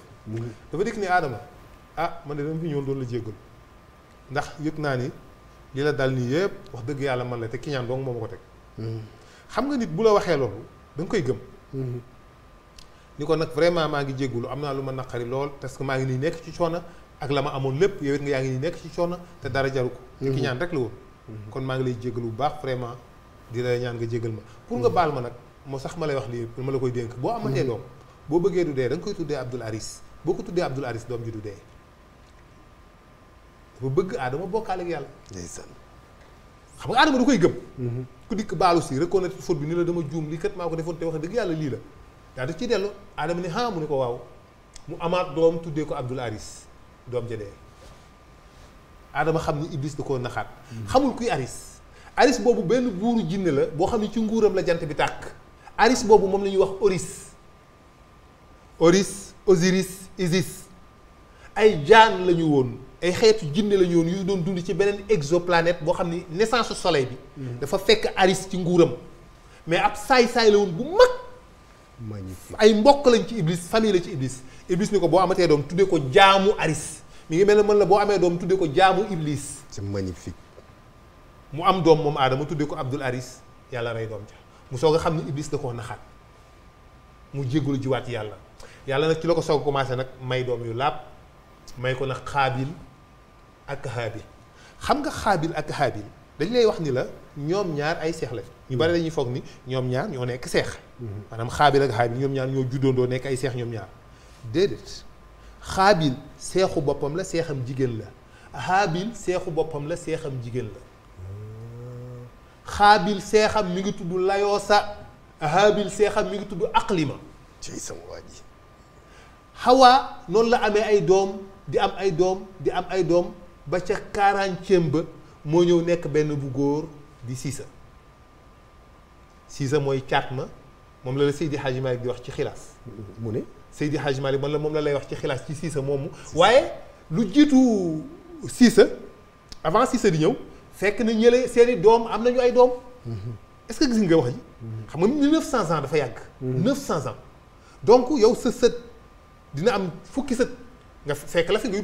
dafa dikk ni aadama ah man de fi ñu doon la jéggul ndax yëg naa ni li la dal ni yépp wax dëgg yàlla man la te ki ñaan dong moo ma ko teg mm-hmm. xam nga nit bu la waxee loolu da nga koy gëm mm-hmm. ni ko nag vraiment maa ngi jéggulu am naa lu ma naqari lool parce que maa ngi nii nekk ci coono ak la ma amoon lépp yow nga yaa ngi nii nekk ci coono te dara jaru ko te mm-hmm. rek la woon kon maa ngi lay jégal bu baax vraiment di la ñaan nga jégal ma pour nga baal ma nag moo sax ma lay wax lii ma la koy dénk boo amatee doom boo bëggee du dee da koy tuddee Abdoul Aris tuddee Abdoul Aris doom ji du bëgg aadama bokkaale yàlla ndeysaan xam nga aadama du koy gëm mhm. ku dikk baalu si reconnaître faute bi ni la dama juum lii kat ko defoon te wax dëgg yàlla lii la daa daf ciy dellu aadama ne a mu ko waaw mu amaat doom tuddee ko Abdoul Aris doom ja Adama xam ni Iblis da koo naxaat. xamul kuy Aris. Aris boobu benn buuru jinne la boo xam ne ci nguuram la jant bi tàkk. Aris boobu moom la ñuy wax Oris. Oris Osiris Isis ay jaan lañu woon ay xeetu jinne la ñu woon yu doon dund ci beneen exoplanète boo xam ni naissance soleil bi. Mm-hmm. dafa fekk Aris ci nguuram. mais ab saay-saay la woon bu mag. ay mbokk lañ ci Iblis famille la ci Iblis Iblis ni ko boo amatee doom tuddee ko jaamu Aris. mi ngi mel ne mën la boo amee doom tuddee ko jaamu Iblis. c'est magnifique. mu am doom moom aadama tuddee ko Abdul Aris yàlla rey doom ja mu soog a xam ne Iblis da koo naxaat mu jégalu jiwaat yàlla yàlla nag ci la ko soog a commencé nag may doom yu laab may ko nag xaabil ak haabil xam nga xaabil ak haabil dañ lay wax ni la ñoom ñaar ay seex la ñu bari dañuy foog ni ñoom ñaar ñoo nekk seex mhm. maanaam xaabil ak haabil ñoom ñaar ñoo doo nekk ay seex ñoom ñaar خابيل سيخو بوبام لا سيخم جيجن لا هابيل سيخو بوبام لا سيخم جيجن لا خابيل سيخم ميغي تودو لايوسا هابيل سيخم ميغي تودو اقليما تي سو وادي حوا نون لا امي اي دوم دي ام اي دوم دي ام اي دوم با تي 40 تيمب مو نيو نيك بن بو غور دي سيسا سيسا موي تياتما موم لا سيدي حاجي مالك دي واخ تي خلاص موني C'est Hajimali, Malick man la la lay wax ci xilaas ci lu avant di ñew fekk na ñëlé mm-hmm. est-ce que gis nga wax ji mm-hmm. xam nga ans dafa 900 mm-hmm. ans donc yow y a dina am fukki se nga fekk la fi ngay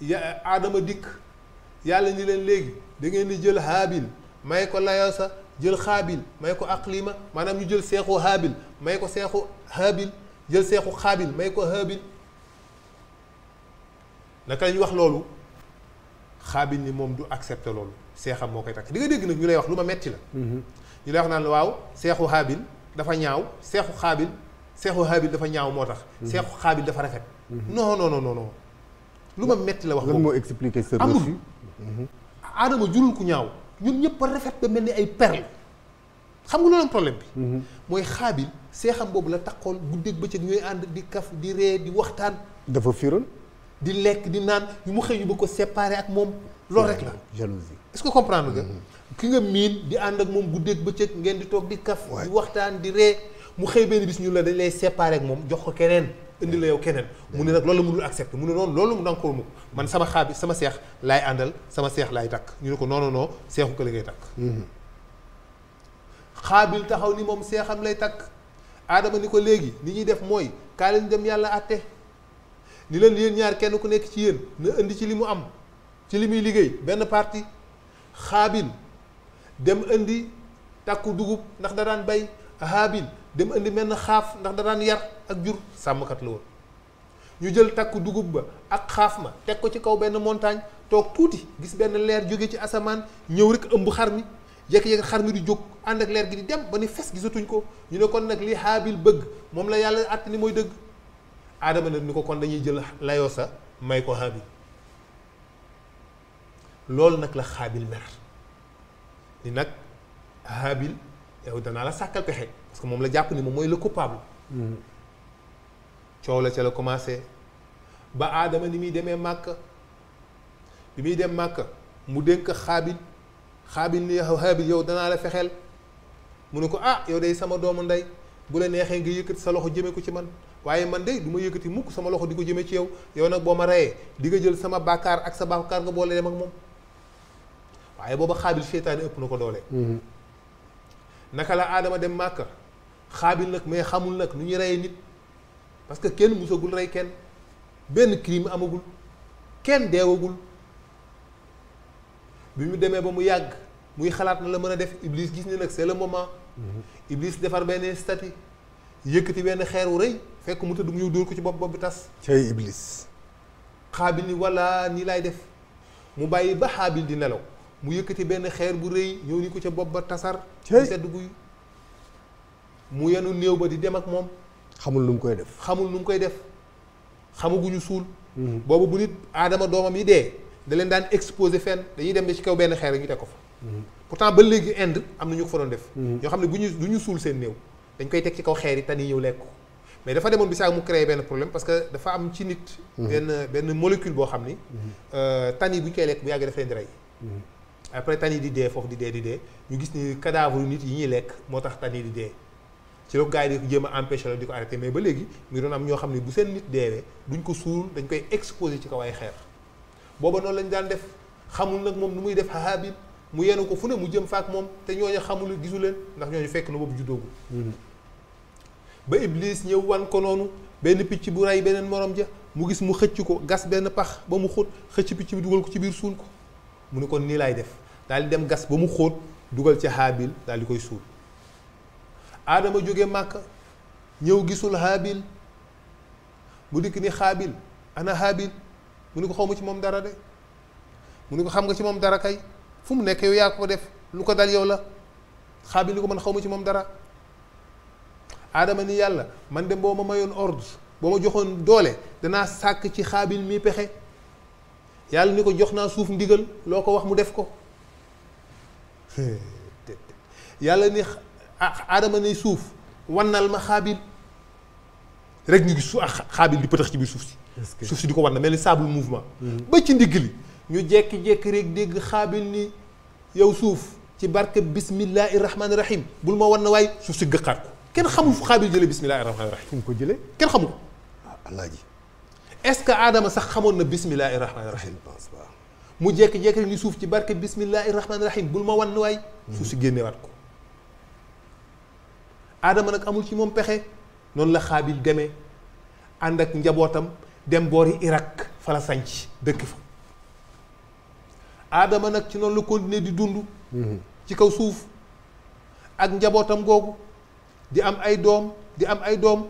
ya aadama dikk yàlla ni leen léegi da ngeen di jël haabil may ko layasa jël xaabil may ko aqlima maanaam ñu jël seexu haabil may ko seexu haabil jël seexu xaabil may ko haabil naka la ñuy wax loolu xaabil ni moom du accepté loolu seexam moo koy takk di nga dégg nag ñu lay wax lu ma metti la ñu lay wax naan waaw seexu haabil dafa ñaaw seexu xaabil seexu haabil dafa ñaaw moo tax seexu xaabil dafa rafet non non non non lu ma metti la wax lan moo expliquer ce refus mhm. Adama jurul ku ñaaw ñun ñëpp a rafet ba mel ni ay perle xam nga loolu problème bi mhm. mooy xaabil seexam boobu la takkoon guddeeg bëccëg ñooy ànd di kaf di ree di waxtaan dafa firoon di lekk di naan ñu mu xëy yu ba ko séparé ak moom loolu rek la jalousie est-ce que comprendre nga mhm. ki nga miin di ànd ak moom guddeeg bëccëg ngeen di toog di kaf di waxtaan di ree mu xëy benn bis ñu la dañ lay séparé ak moom jox ko keneen indi la yow keneen mu ne nag loolu la mënul accepté mu ne noonu loolu mu nankoor mu man sama xaabi sama seex laay àndal sama seex laay takk ñu ne ko non noo seexu kële ngay takk mhm. xaabil taxaw ni moom seexam lay takk aadama ni ko léegi ni ñuy def mooy kaa leen dem yàlla àtte ni leen yéen ñaar kenn ku nekk ci yéen na indi ci li mu am ci li muy liggéey benn parti xaabil dem indi takku dugub ndax da daan bay haabil dem indi menn xaaf ndax da daan yar ak jur sàmmkat la woon ñu jël takku dugub ba ak xaaf ma teg ko ci kaw benn montagne toog tuuti gis benn leer jóge ci asamaan ñëw rek ëmb xar mi jékki-jékki xar mi di jóg ànd ak leer gi di dem ba ni fes gisatuñ ko ñu ne kon nag li xaabil bëgg moom la yàlla àtt ni mooy dëgg aadama ne ni ko kon dañuy jël layoo sa may ko xaabil loolu nag la xaabil mer ni nag xaabil yow danaa la sàkkal pexe parce moom la jàpp ni moom mooy la coupable. Mm-hmm. coow la ca la commencé ba aadama ni muy demee màkk bi muy dem màkk mu dénk xaabil xaabil ni xaabil yow danaa la fexeel mu ne ko ah yow day sama doomu ndey bu la neexee nga yëkkati sa loxo jëme ko ci man waaye man de du ma yëkkati mukk sama loxo di ko jëme ci yow yow nag boo ma reyee di nga jël sama bàkkaar ak sa bàkkaar nga boole dem ak moom waaye booba xaabil seytaane ëpp na ko doole. Mm-hmm. naka la aadama dem màkk xaabil nag mais xamul nag nu ñuy rey nit parce que kenn musagul rey kenn benn crime amagul kenn deewagul bi mu demee ba mu yàgg muy xalaat na la mën a def Iblis gis ni nag c'est le moment. Iblis defar benn statut yëkkati benn xeer wu rëy fekk mu tëdd mu ñëw dóor ko ci bopp bopp bi tas. cay Iblis. xaabil ni wala nii lay def mu bàyyi ba xaabil di nelaw mu yëkkati benn xeer bu rëy ñëw ni ko ca bopp ba tasar. cay mu mu yenu néew ba di dem ak moom. xamul lu mu koy def xamul lu mu koy def xamaguñu suul. boobu bu nit aadama doomam yi dee da leen daan exposé fenn dañuy dem ba ci kaw benn xeer ñu teg ko fa. pourtant ba léegi Inde am na ñu ko fa doon def. ñoo xam ne bu ñu du ñu suul seen néew dañ koy teg ci kaw xeer yi tan yi ñëw lekk ko mais dafa demoon bisaag mu créé benn problème parce que dafa am ci nit. benn benn molécule boo xam ni. tan yi bu ñu koy lekk bu yàgg daf leen di rey. après tan yi di dee foofu di dee di dee ñu gis ni cadavre nit yi ñuy lekk moo tax tan yi di dee. ci lo gaay yi di ko jéem la diko arrêter mais ba légui mi doon am ño xamni bu sen nit déwé duñ ko sul dañ koy exposer ci kaw ay xeer booba non lañ daan def xamul nak mom numuy def haabib mu yenu ko fune mu jëm faak mom te ñooñu xamul gisu leen ndax ñooñu fekk na boobu juddoogu ba Iblis ñëw wan ko nonu ben picc bu ray benen morom ja mu gis mu xëcc ko gas ben pax ba mu xut xëcc picc bi duggal ko ci biir sul ko mu ne kon ni lay def dal dem gas ba mu xut duggal ci haabil dal di koy suul aadama jóge màkka ñëw gisul haabil mu dikk ni xaabil ana haabil mu ni ko xaw ma ci moom dara de mu ni ko xam nga ci moom dara kay fu mu nekk yow yaa ko def lu ko dal yow la xaabil ni ko man xaw ci moom dara aadama ni yàlla man de boo ma ordre boo ma joxoon doole danaa ci xaabil mi pexe yàlla ni ko jox suuf ndigal loo wax mu def ko yàlla ni aadama ne suuf wannal ma xaabil rek ñu gis su ak xaabil di pëtax ci biir suuf si suuf si di ko wann mel ni sable mouvement ba ci ndigg li ñu jekki-jekki rek dégg xaabil ni yow suuf ci barke bismillahi rahmaani rahim bul ma wann waay suuf si gëqaat ko kenn xamul fu xaabil jële bismillahi rahmaani rahim fu mu ko jëlee kenn xamul ko alaaji est-ce que aadama sax xamoon na bismillahi rahmaani rahim mu jekki-jekki rek ni suuf ci barke bismillahi rahmaani rahim bul ma wann waay suuf si génneewaat ko adam nak amul ci mom pexe non la khabil démé ànd ak njabotam dem boori Irak fa la sanc dëkk fa adam nak ci noonu la continuer di dund ci kaw souf ak njabotam gogou di am ay dom di am ay dom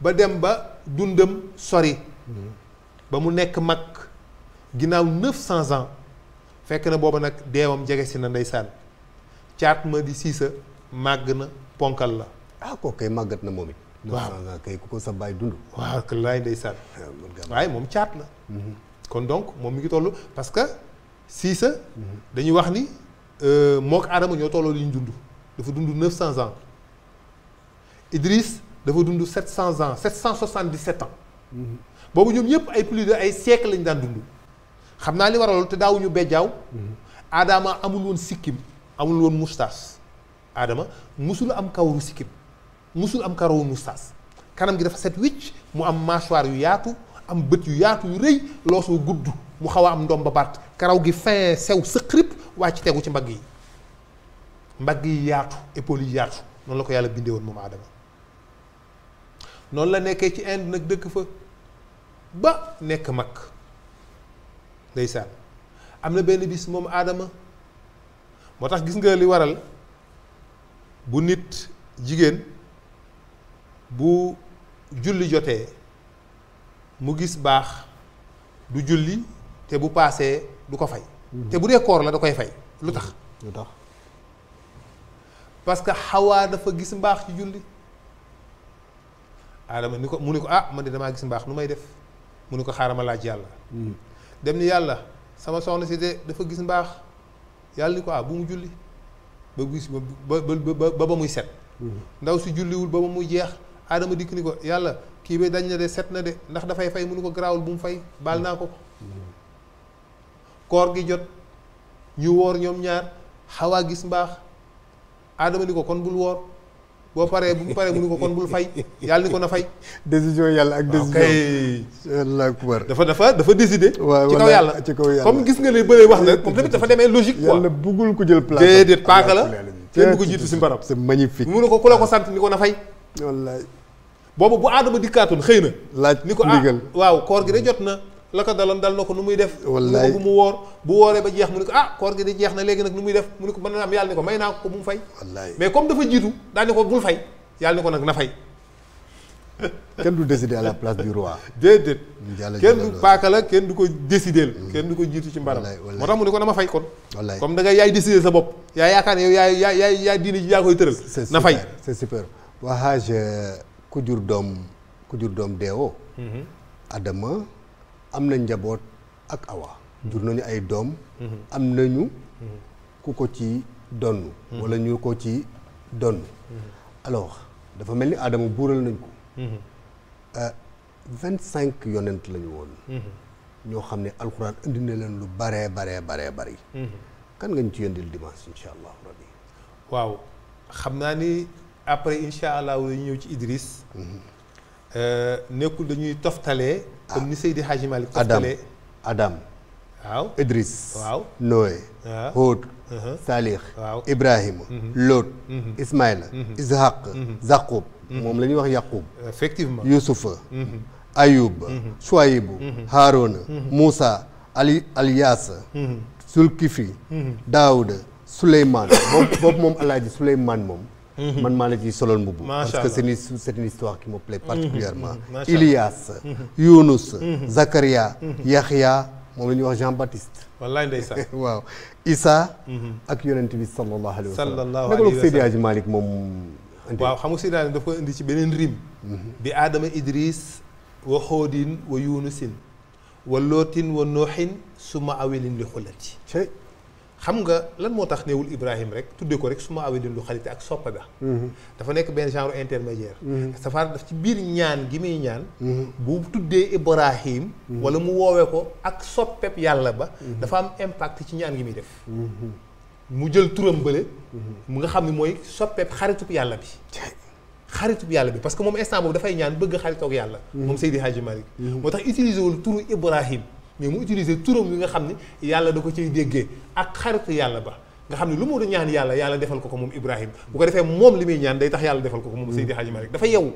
ba dem ba dundam sori ba mu nek mak ginaaw 900 ans fekk na bobu nak deewam jege ci na ndeysaan caat ma di sisa magna ponkal la ah kooku kay màggat na moom it. waaw nga kay ku ko sa bàyyi dund. waaw laay ndeysaan. Ah, waaye moom caat la. Mhm. kon donc moom mi ngi toll parce que siisa. Mhm. dañuy wax ni euh, mook Adama ñoo tolloo li ñu dund. dafa dund neuf cent ans Idriss dafa dund sept cent ans sept cent soixante dix sept ans. Mhm. boobu ñoom ñëpp ay plus de ay siècle lañu daan dund. xam naa li waraloon te daawuñu bejjaaw. Adama amul woon sikkim amul woon moustache. Adama musul am kawru sikkim. musul am karawu moustache kanam gi dafa set wicc mu am mâchoire yu yaatu am bët yu yaatu yu rëy loosoo gudd mu xaw a am ndomba baat karaw gi fin sew sëqrip wàcc ci tegu ci mbagg yi mbagg yi yaatu épaules yi yaatu noonu la ko yàlla bindee moom aadama noonu la nekkee ci Inde nag dëkk fa ba nekk mag ndeysaan am na benn bis moom aadama moo tax gis nga li waral bu nit jigéen bu julli jotee mu gis baax du julli te bu paasee du ko fay mhm. te bu dee koor la da koy fay lu tax lu parce que xawaa dafa gis mbaax ci julli aadama ni ko mu ni ko ah man de damaa gis mbaax nu may def mu ni ko xaaral ma laaj yàlla mhm. dem ni yàlla sama soxna si de dafa gis mbaax yàlla ni ko ah bu mu julli ba gis ba muy set mhm. ndaw si julliwul ba ba muy jeex aadama dikk ni ko yàlla kii bi dañ na de set na de ndax dafay fay munu ko garaawul bu mu fay baal naa ko koor gi jot ñu woor ñoom ñaar xawaa gis mbaax adama ni ko kon bul woor boo paree bu mu paree mënu ko kon bul fay yàlla ni ko na fay décision yàlla ak décision allah akbar dafa dafa dafa décider ci kaw yàlla ci kaw yàlla comme gis nga li bële wax na comme dafa demee logique quoi yàlla buggul ko jël place déedéet paaka la kenn bu ko jiitu si mbaram c'est magnifique mënu ko ku sant ni ko na fay wallaay bobu bu adama dikatun xeyna laaj niko ko ah waaw koor gi de jotna la ko dalon dal nako numuy nu muy def. wallaay mu wor bu woré ba jeex mu ne ah koor gi de jeex na léegi nak numuy def mu ne ko na am yàlla niko mayna ko bu mu fay. wallahi mais comme dafa jitu dal niko bu fay yàlla niko nak na fay. ken du décider à la place du roi. dedet ken du paaka la kenn du ko décider. ken du ko jitu ci mbaram. moo tax mu ne dama fay kon. wallaay comme da nga yay décider sa bop yay yakane ne yow yay yaay yaay diine ji yaa koy tëral. na fay c'est super c'est super ku jur doom ku jur doom deewoo mm-hmm. adama am na njaboot ak awa jur mm-hmm. nañu ay doom mm-hmm. am nañu ku ko ci donn wala ñu ko ci donn alors dafa mel ni aadama buural nañ ko euh, vingt cinq yonent la woon ñoo xam ne alxuraan indi na leen lu baree baree bare bari kan nga ñu ci yëndil dimanche insha allahu rabbi waaw xam naa ni après inshallah allah dañu ñëw ci Idriss. Euh, nekkul dañuy toftalé comme ni Seydi Hadji Malik toftalé Adam Adam. waaw Idriss. waaw Noé. Ah. Uh-huh. waaw Salih. Ibrahim, mm-hmm. Lot. Mm-hmm. Ismaïla. Mm-hmm. Ishaq. Zaqub. mom lañuy wax Yaqoub effectivement Youssouf Ayub. Shuaib Harun Moussa. Ali Alias, Sulkifi Daoud Souleymane. bop mom moom Alaaji Souleymane mom Mhm. man maa la ciy solo mbubb ma que c'est c'est une histoire qui me plaît mhm. particulièrement mhm. Ilias Yunus Zakaria Yaxya moom lañuy ñuy wax Jean Baptiste wallaay ndeysaan waaw Isa ak yonent bi sallallahu alayhi wa sallam naka la moom waaw xam nga Seydi Hadji daf ko indi ci beneen rim bi Adama Idris wa Xoodin wa Yunusin wa Lootin wa Nooxin suma awelin li xulati xam nga lan moo tax néewul Ibrahim rek tuddee ko rek su ma awee dindu xarit ak soppa ga mhm. dafa nekk benn genre intermédiaire mhm. safaar daf ci biir ñaan gi muy ñaan mhm. bu tuddee Ibrahim wala mu woowee ko ak soppeb yàlla ba dafa am impact ci ñaan gi muy def mu jël turam bële mu nga xam ne mooy soppeeb xaritub yàlla bi xaritub yàlla bi parce que moom instant boobu dafay ñaan bëgg xaritoog yàlla moom Seydi Hadji Malick moo tax utiliser wul turu Ibrahim mais mu utiliser turam bi nga xamni yàlla da ko ciy déggé ak xarit yàlla ba nga xamni lu mu do ñaan yàlla yàlla defal ko ko mom Ibrahim bu ko defé mom limi ñaan day tax yàlla defal ko ko mom Seydi Hadji Malick dafa yew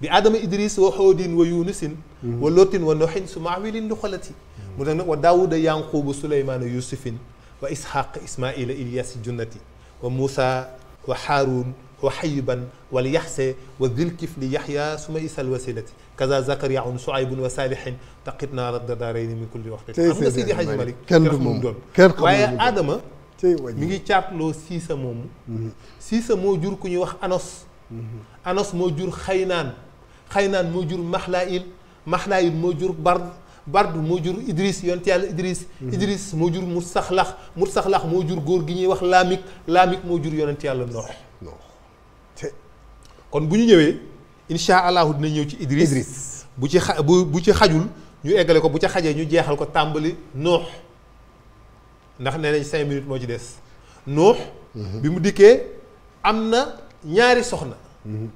bi aadama idris wa hudin wa yunus wa lutin wa nuhin su maawilin lu xolati mu tax nag wa daawuda yaqub sulayman yusufin wa ishaq ismaila ilyas junnati wa musa wa harun وحيبا وليحس وذل كيف ليحيى ثم إيسى الوسيلة كذا زكريا عن شعيب وسالح تقتنا رد دارين من كل وقت أحمد سيدي حاج مالك كان قبول كان قبول وآدم ميجي تشاب لو سيسا موم سيسا مو جور كوني وخ أنس أنس مو جور خينان خينان مو جور محلائل محلائل مو جور برد برد موجور ادريس يونتي ادريس ادريس موجور مستخلخ مستخلخ موجور غور غي ني واخ لاميك لاميك موجور يونتي الله نوح نوح kon bu ñu ñëwee incha allahu dina ñëw ci Idris. Idris bu ci xa bu bu ci xajul ñu eggale ko bu ca xajee ñu jeexal ko tàmbali nuux ndax ne nañ cinq minutes moo ci des nuux. Mhm. bi mu dikkee am na ñaari soxna. Mhm.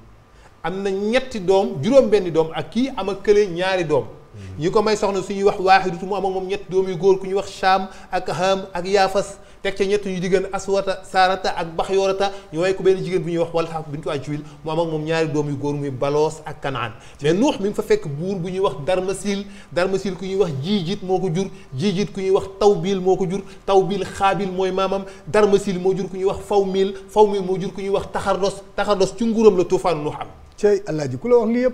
am na ñetti doom juróom-benni doom ak kii am ak kële ñaari doom. Mhm. ñi ko may soxna suñuy wax waaxidatu mu am moom ñetti doom yu góor ku ñuy wax Cham ak Ham ak Yaafas. tek ci ñett ñu digeen aswata sarata ak bakhyorata ñu way ko ben jigéen bu ñu wax walxa bintu ajwil mo am ak mom ñaari doom yu góor muy balos ak kanaan mais nuh mi fa fek bur bu ñu wax darmasil darmasil ku ñu wax jijit moko jur jijit ku ñu wax tawbil moko jur tawbil khabil moy mamam darmasil mo jur ku ñu wax fawmil fawmil mo jur ku ñu wax takhardos takhardos ci nguuram la tufan nuh am cey allah ji ku la wax lii yeb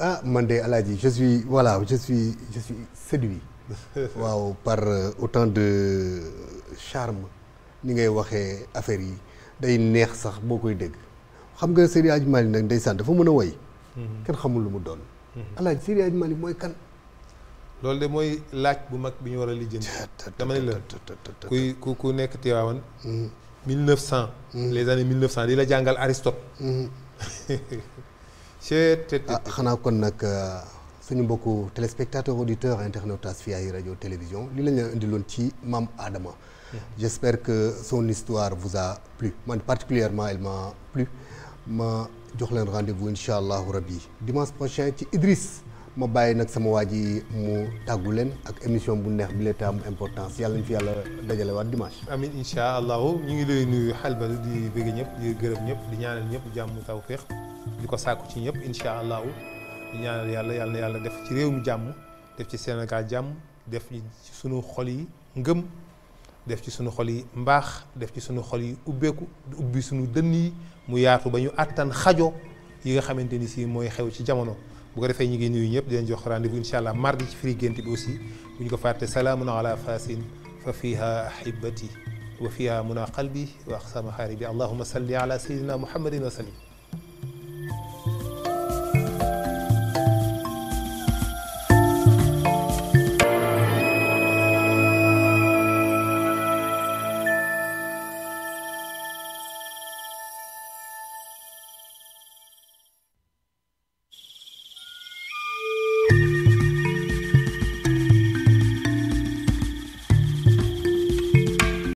ah man de Alaaji je suis voilà je suis je suis séduit waaw par euh, autant de charme ni ngay waxé affaire yi day neex sax bokoy koy xam nga Seydi Hadji Malick nag ndeysaan dafa mëna way woy mhm. kenn xamul lu mu doon mhm. Alaaji Seydi Hadji Malick mooy kan loolu de mooy laaj bu mag biñu wara li jënd lijjanti dama ne la kuy ku ku nekk Tiwaawan mhm. mille neuf les années 1900 neuf di la jàngal Aristote Ah, xanaa kon beaucoup suñu mbokku téléspectateur auditeur internaute Asfiyahi radio télévision li lañ leen indiloon ci Mam Adama j'espère que son histoire vous a plu Moi, particulièrement elle m'a plu ma jox leen rendez-vous incha rabbi dimanche prochain ci Idriss ma bàyyi nag sama waa ji mu tàggu leen ak émission bu neex bi l'état am importance yàlla ñu fi yàlla dajale waat dimanche. amin incha allahu ñu ngi lay nuyu xalbal di bëgg ñëpp di gërëm ñëpp di ñaanal ñëpp jàmm tawféex ñu ko sàkku ci ñëpp incha allahu di ñaanal yàlla yàlla yàlla def ci réew mi jàmm def ci Sénégal jàmm def ci sunu xol yi ngëm def ci sunu xol yi mbaax def ci sunu xol yi ubbeeku ubbi sunu dënn yi mu yaatu ba ñu àttan xajo yi nga xamante ni si mooy xew ci jamono. bu ko defé ñi ngi nuyu ñëpp di leen jox rendez-vous inshallah mardi ci firi gént bi aussi bu ñu ko fàtte salaamun ala fasin fa fiha ahibati wa fiha muna qalbi wa aqsama xaaribi allahumma salli ala sayyidina muhammadin wa sallim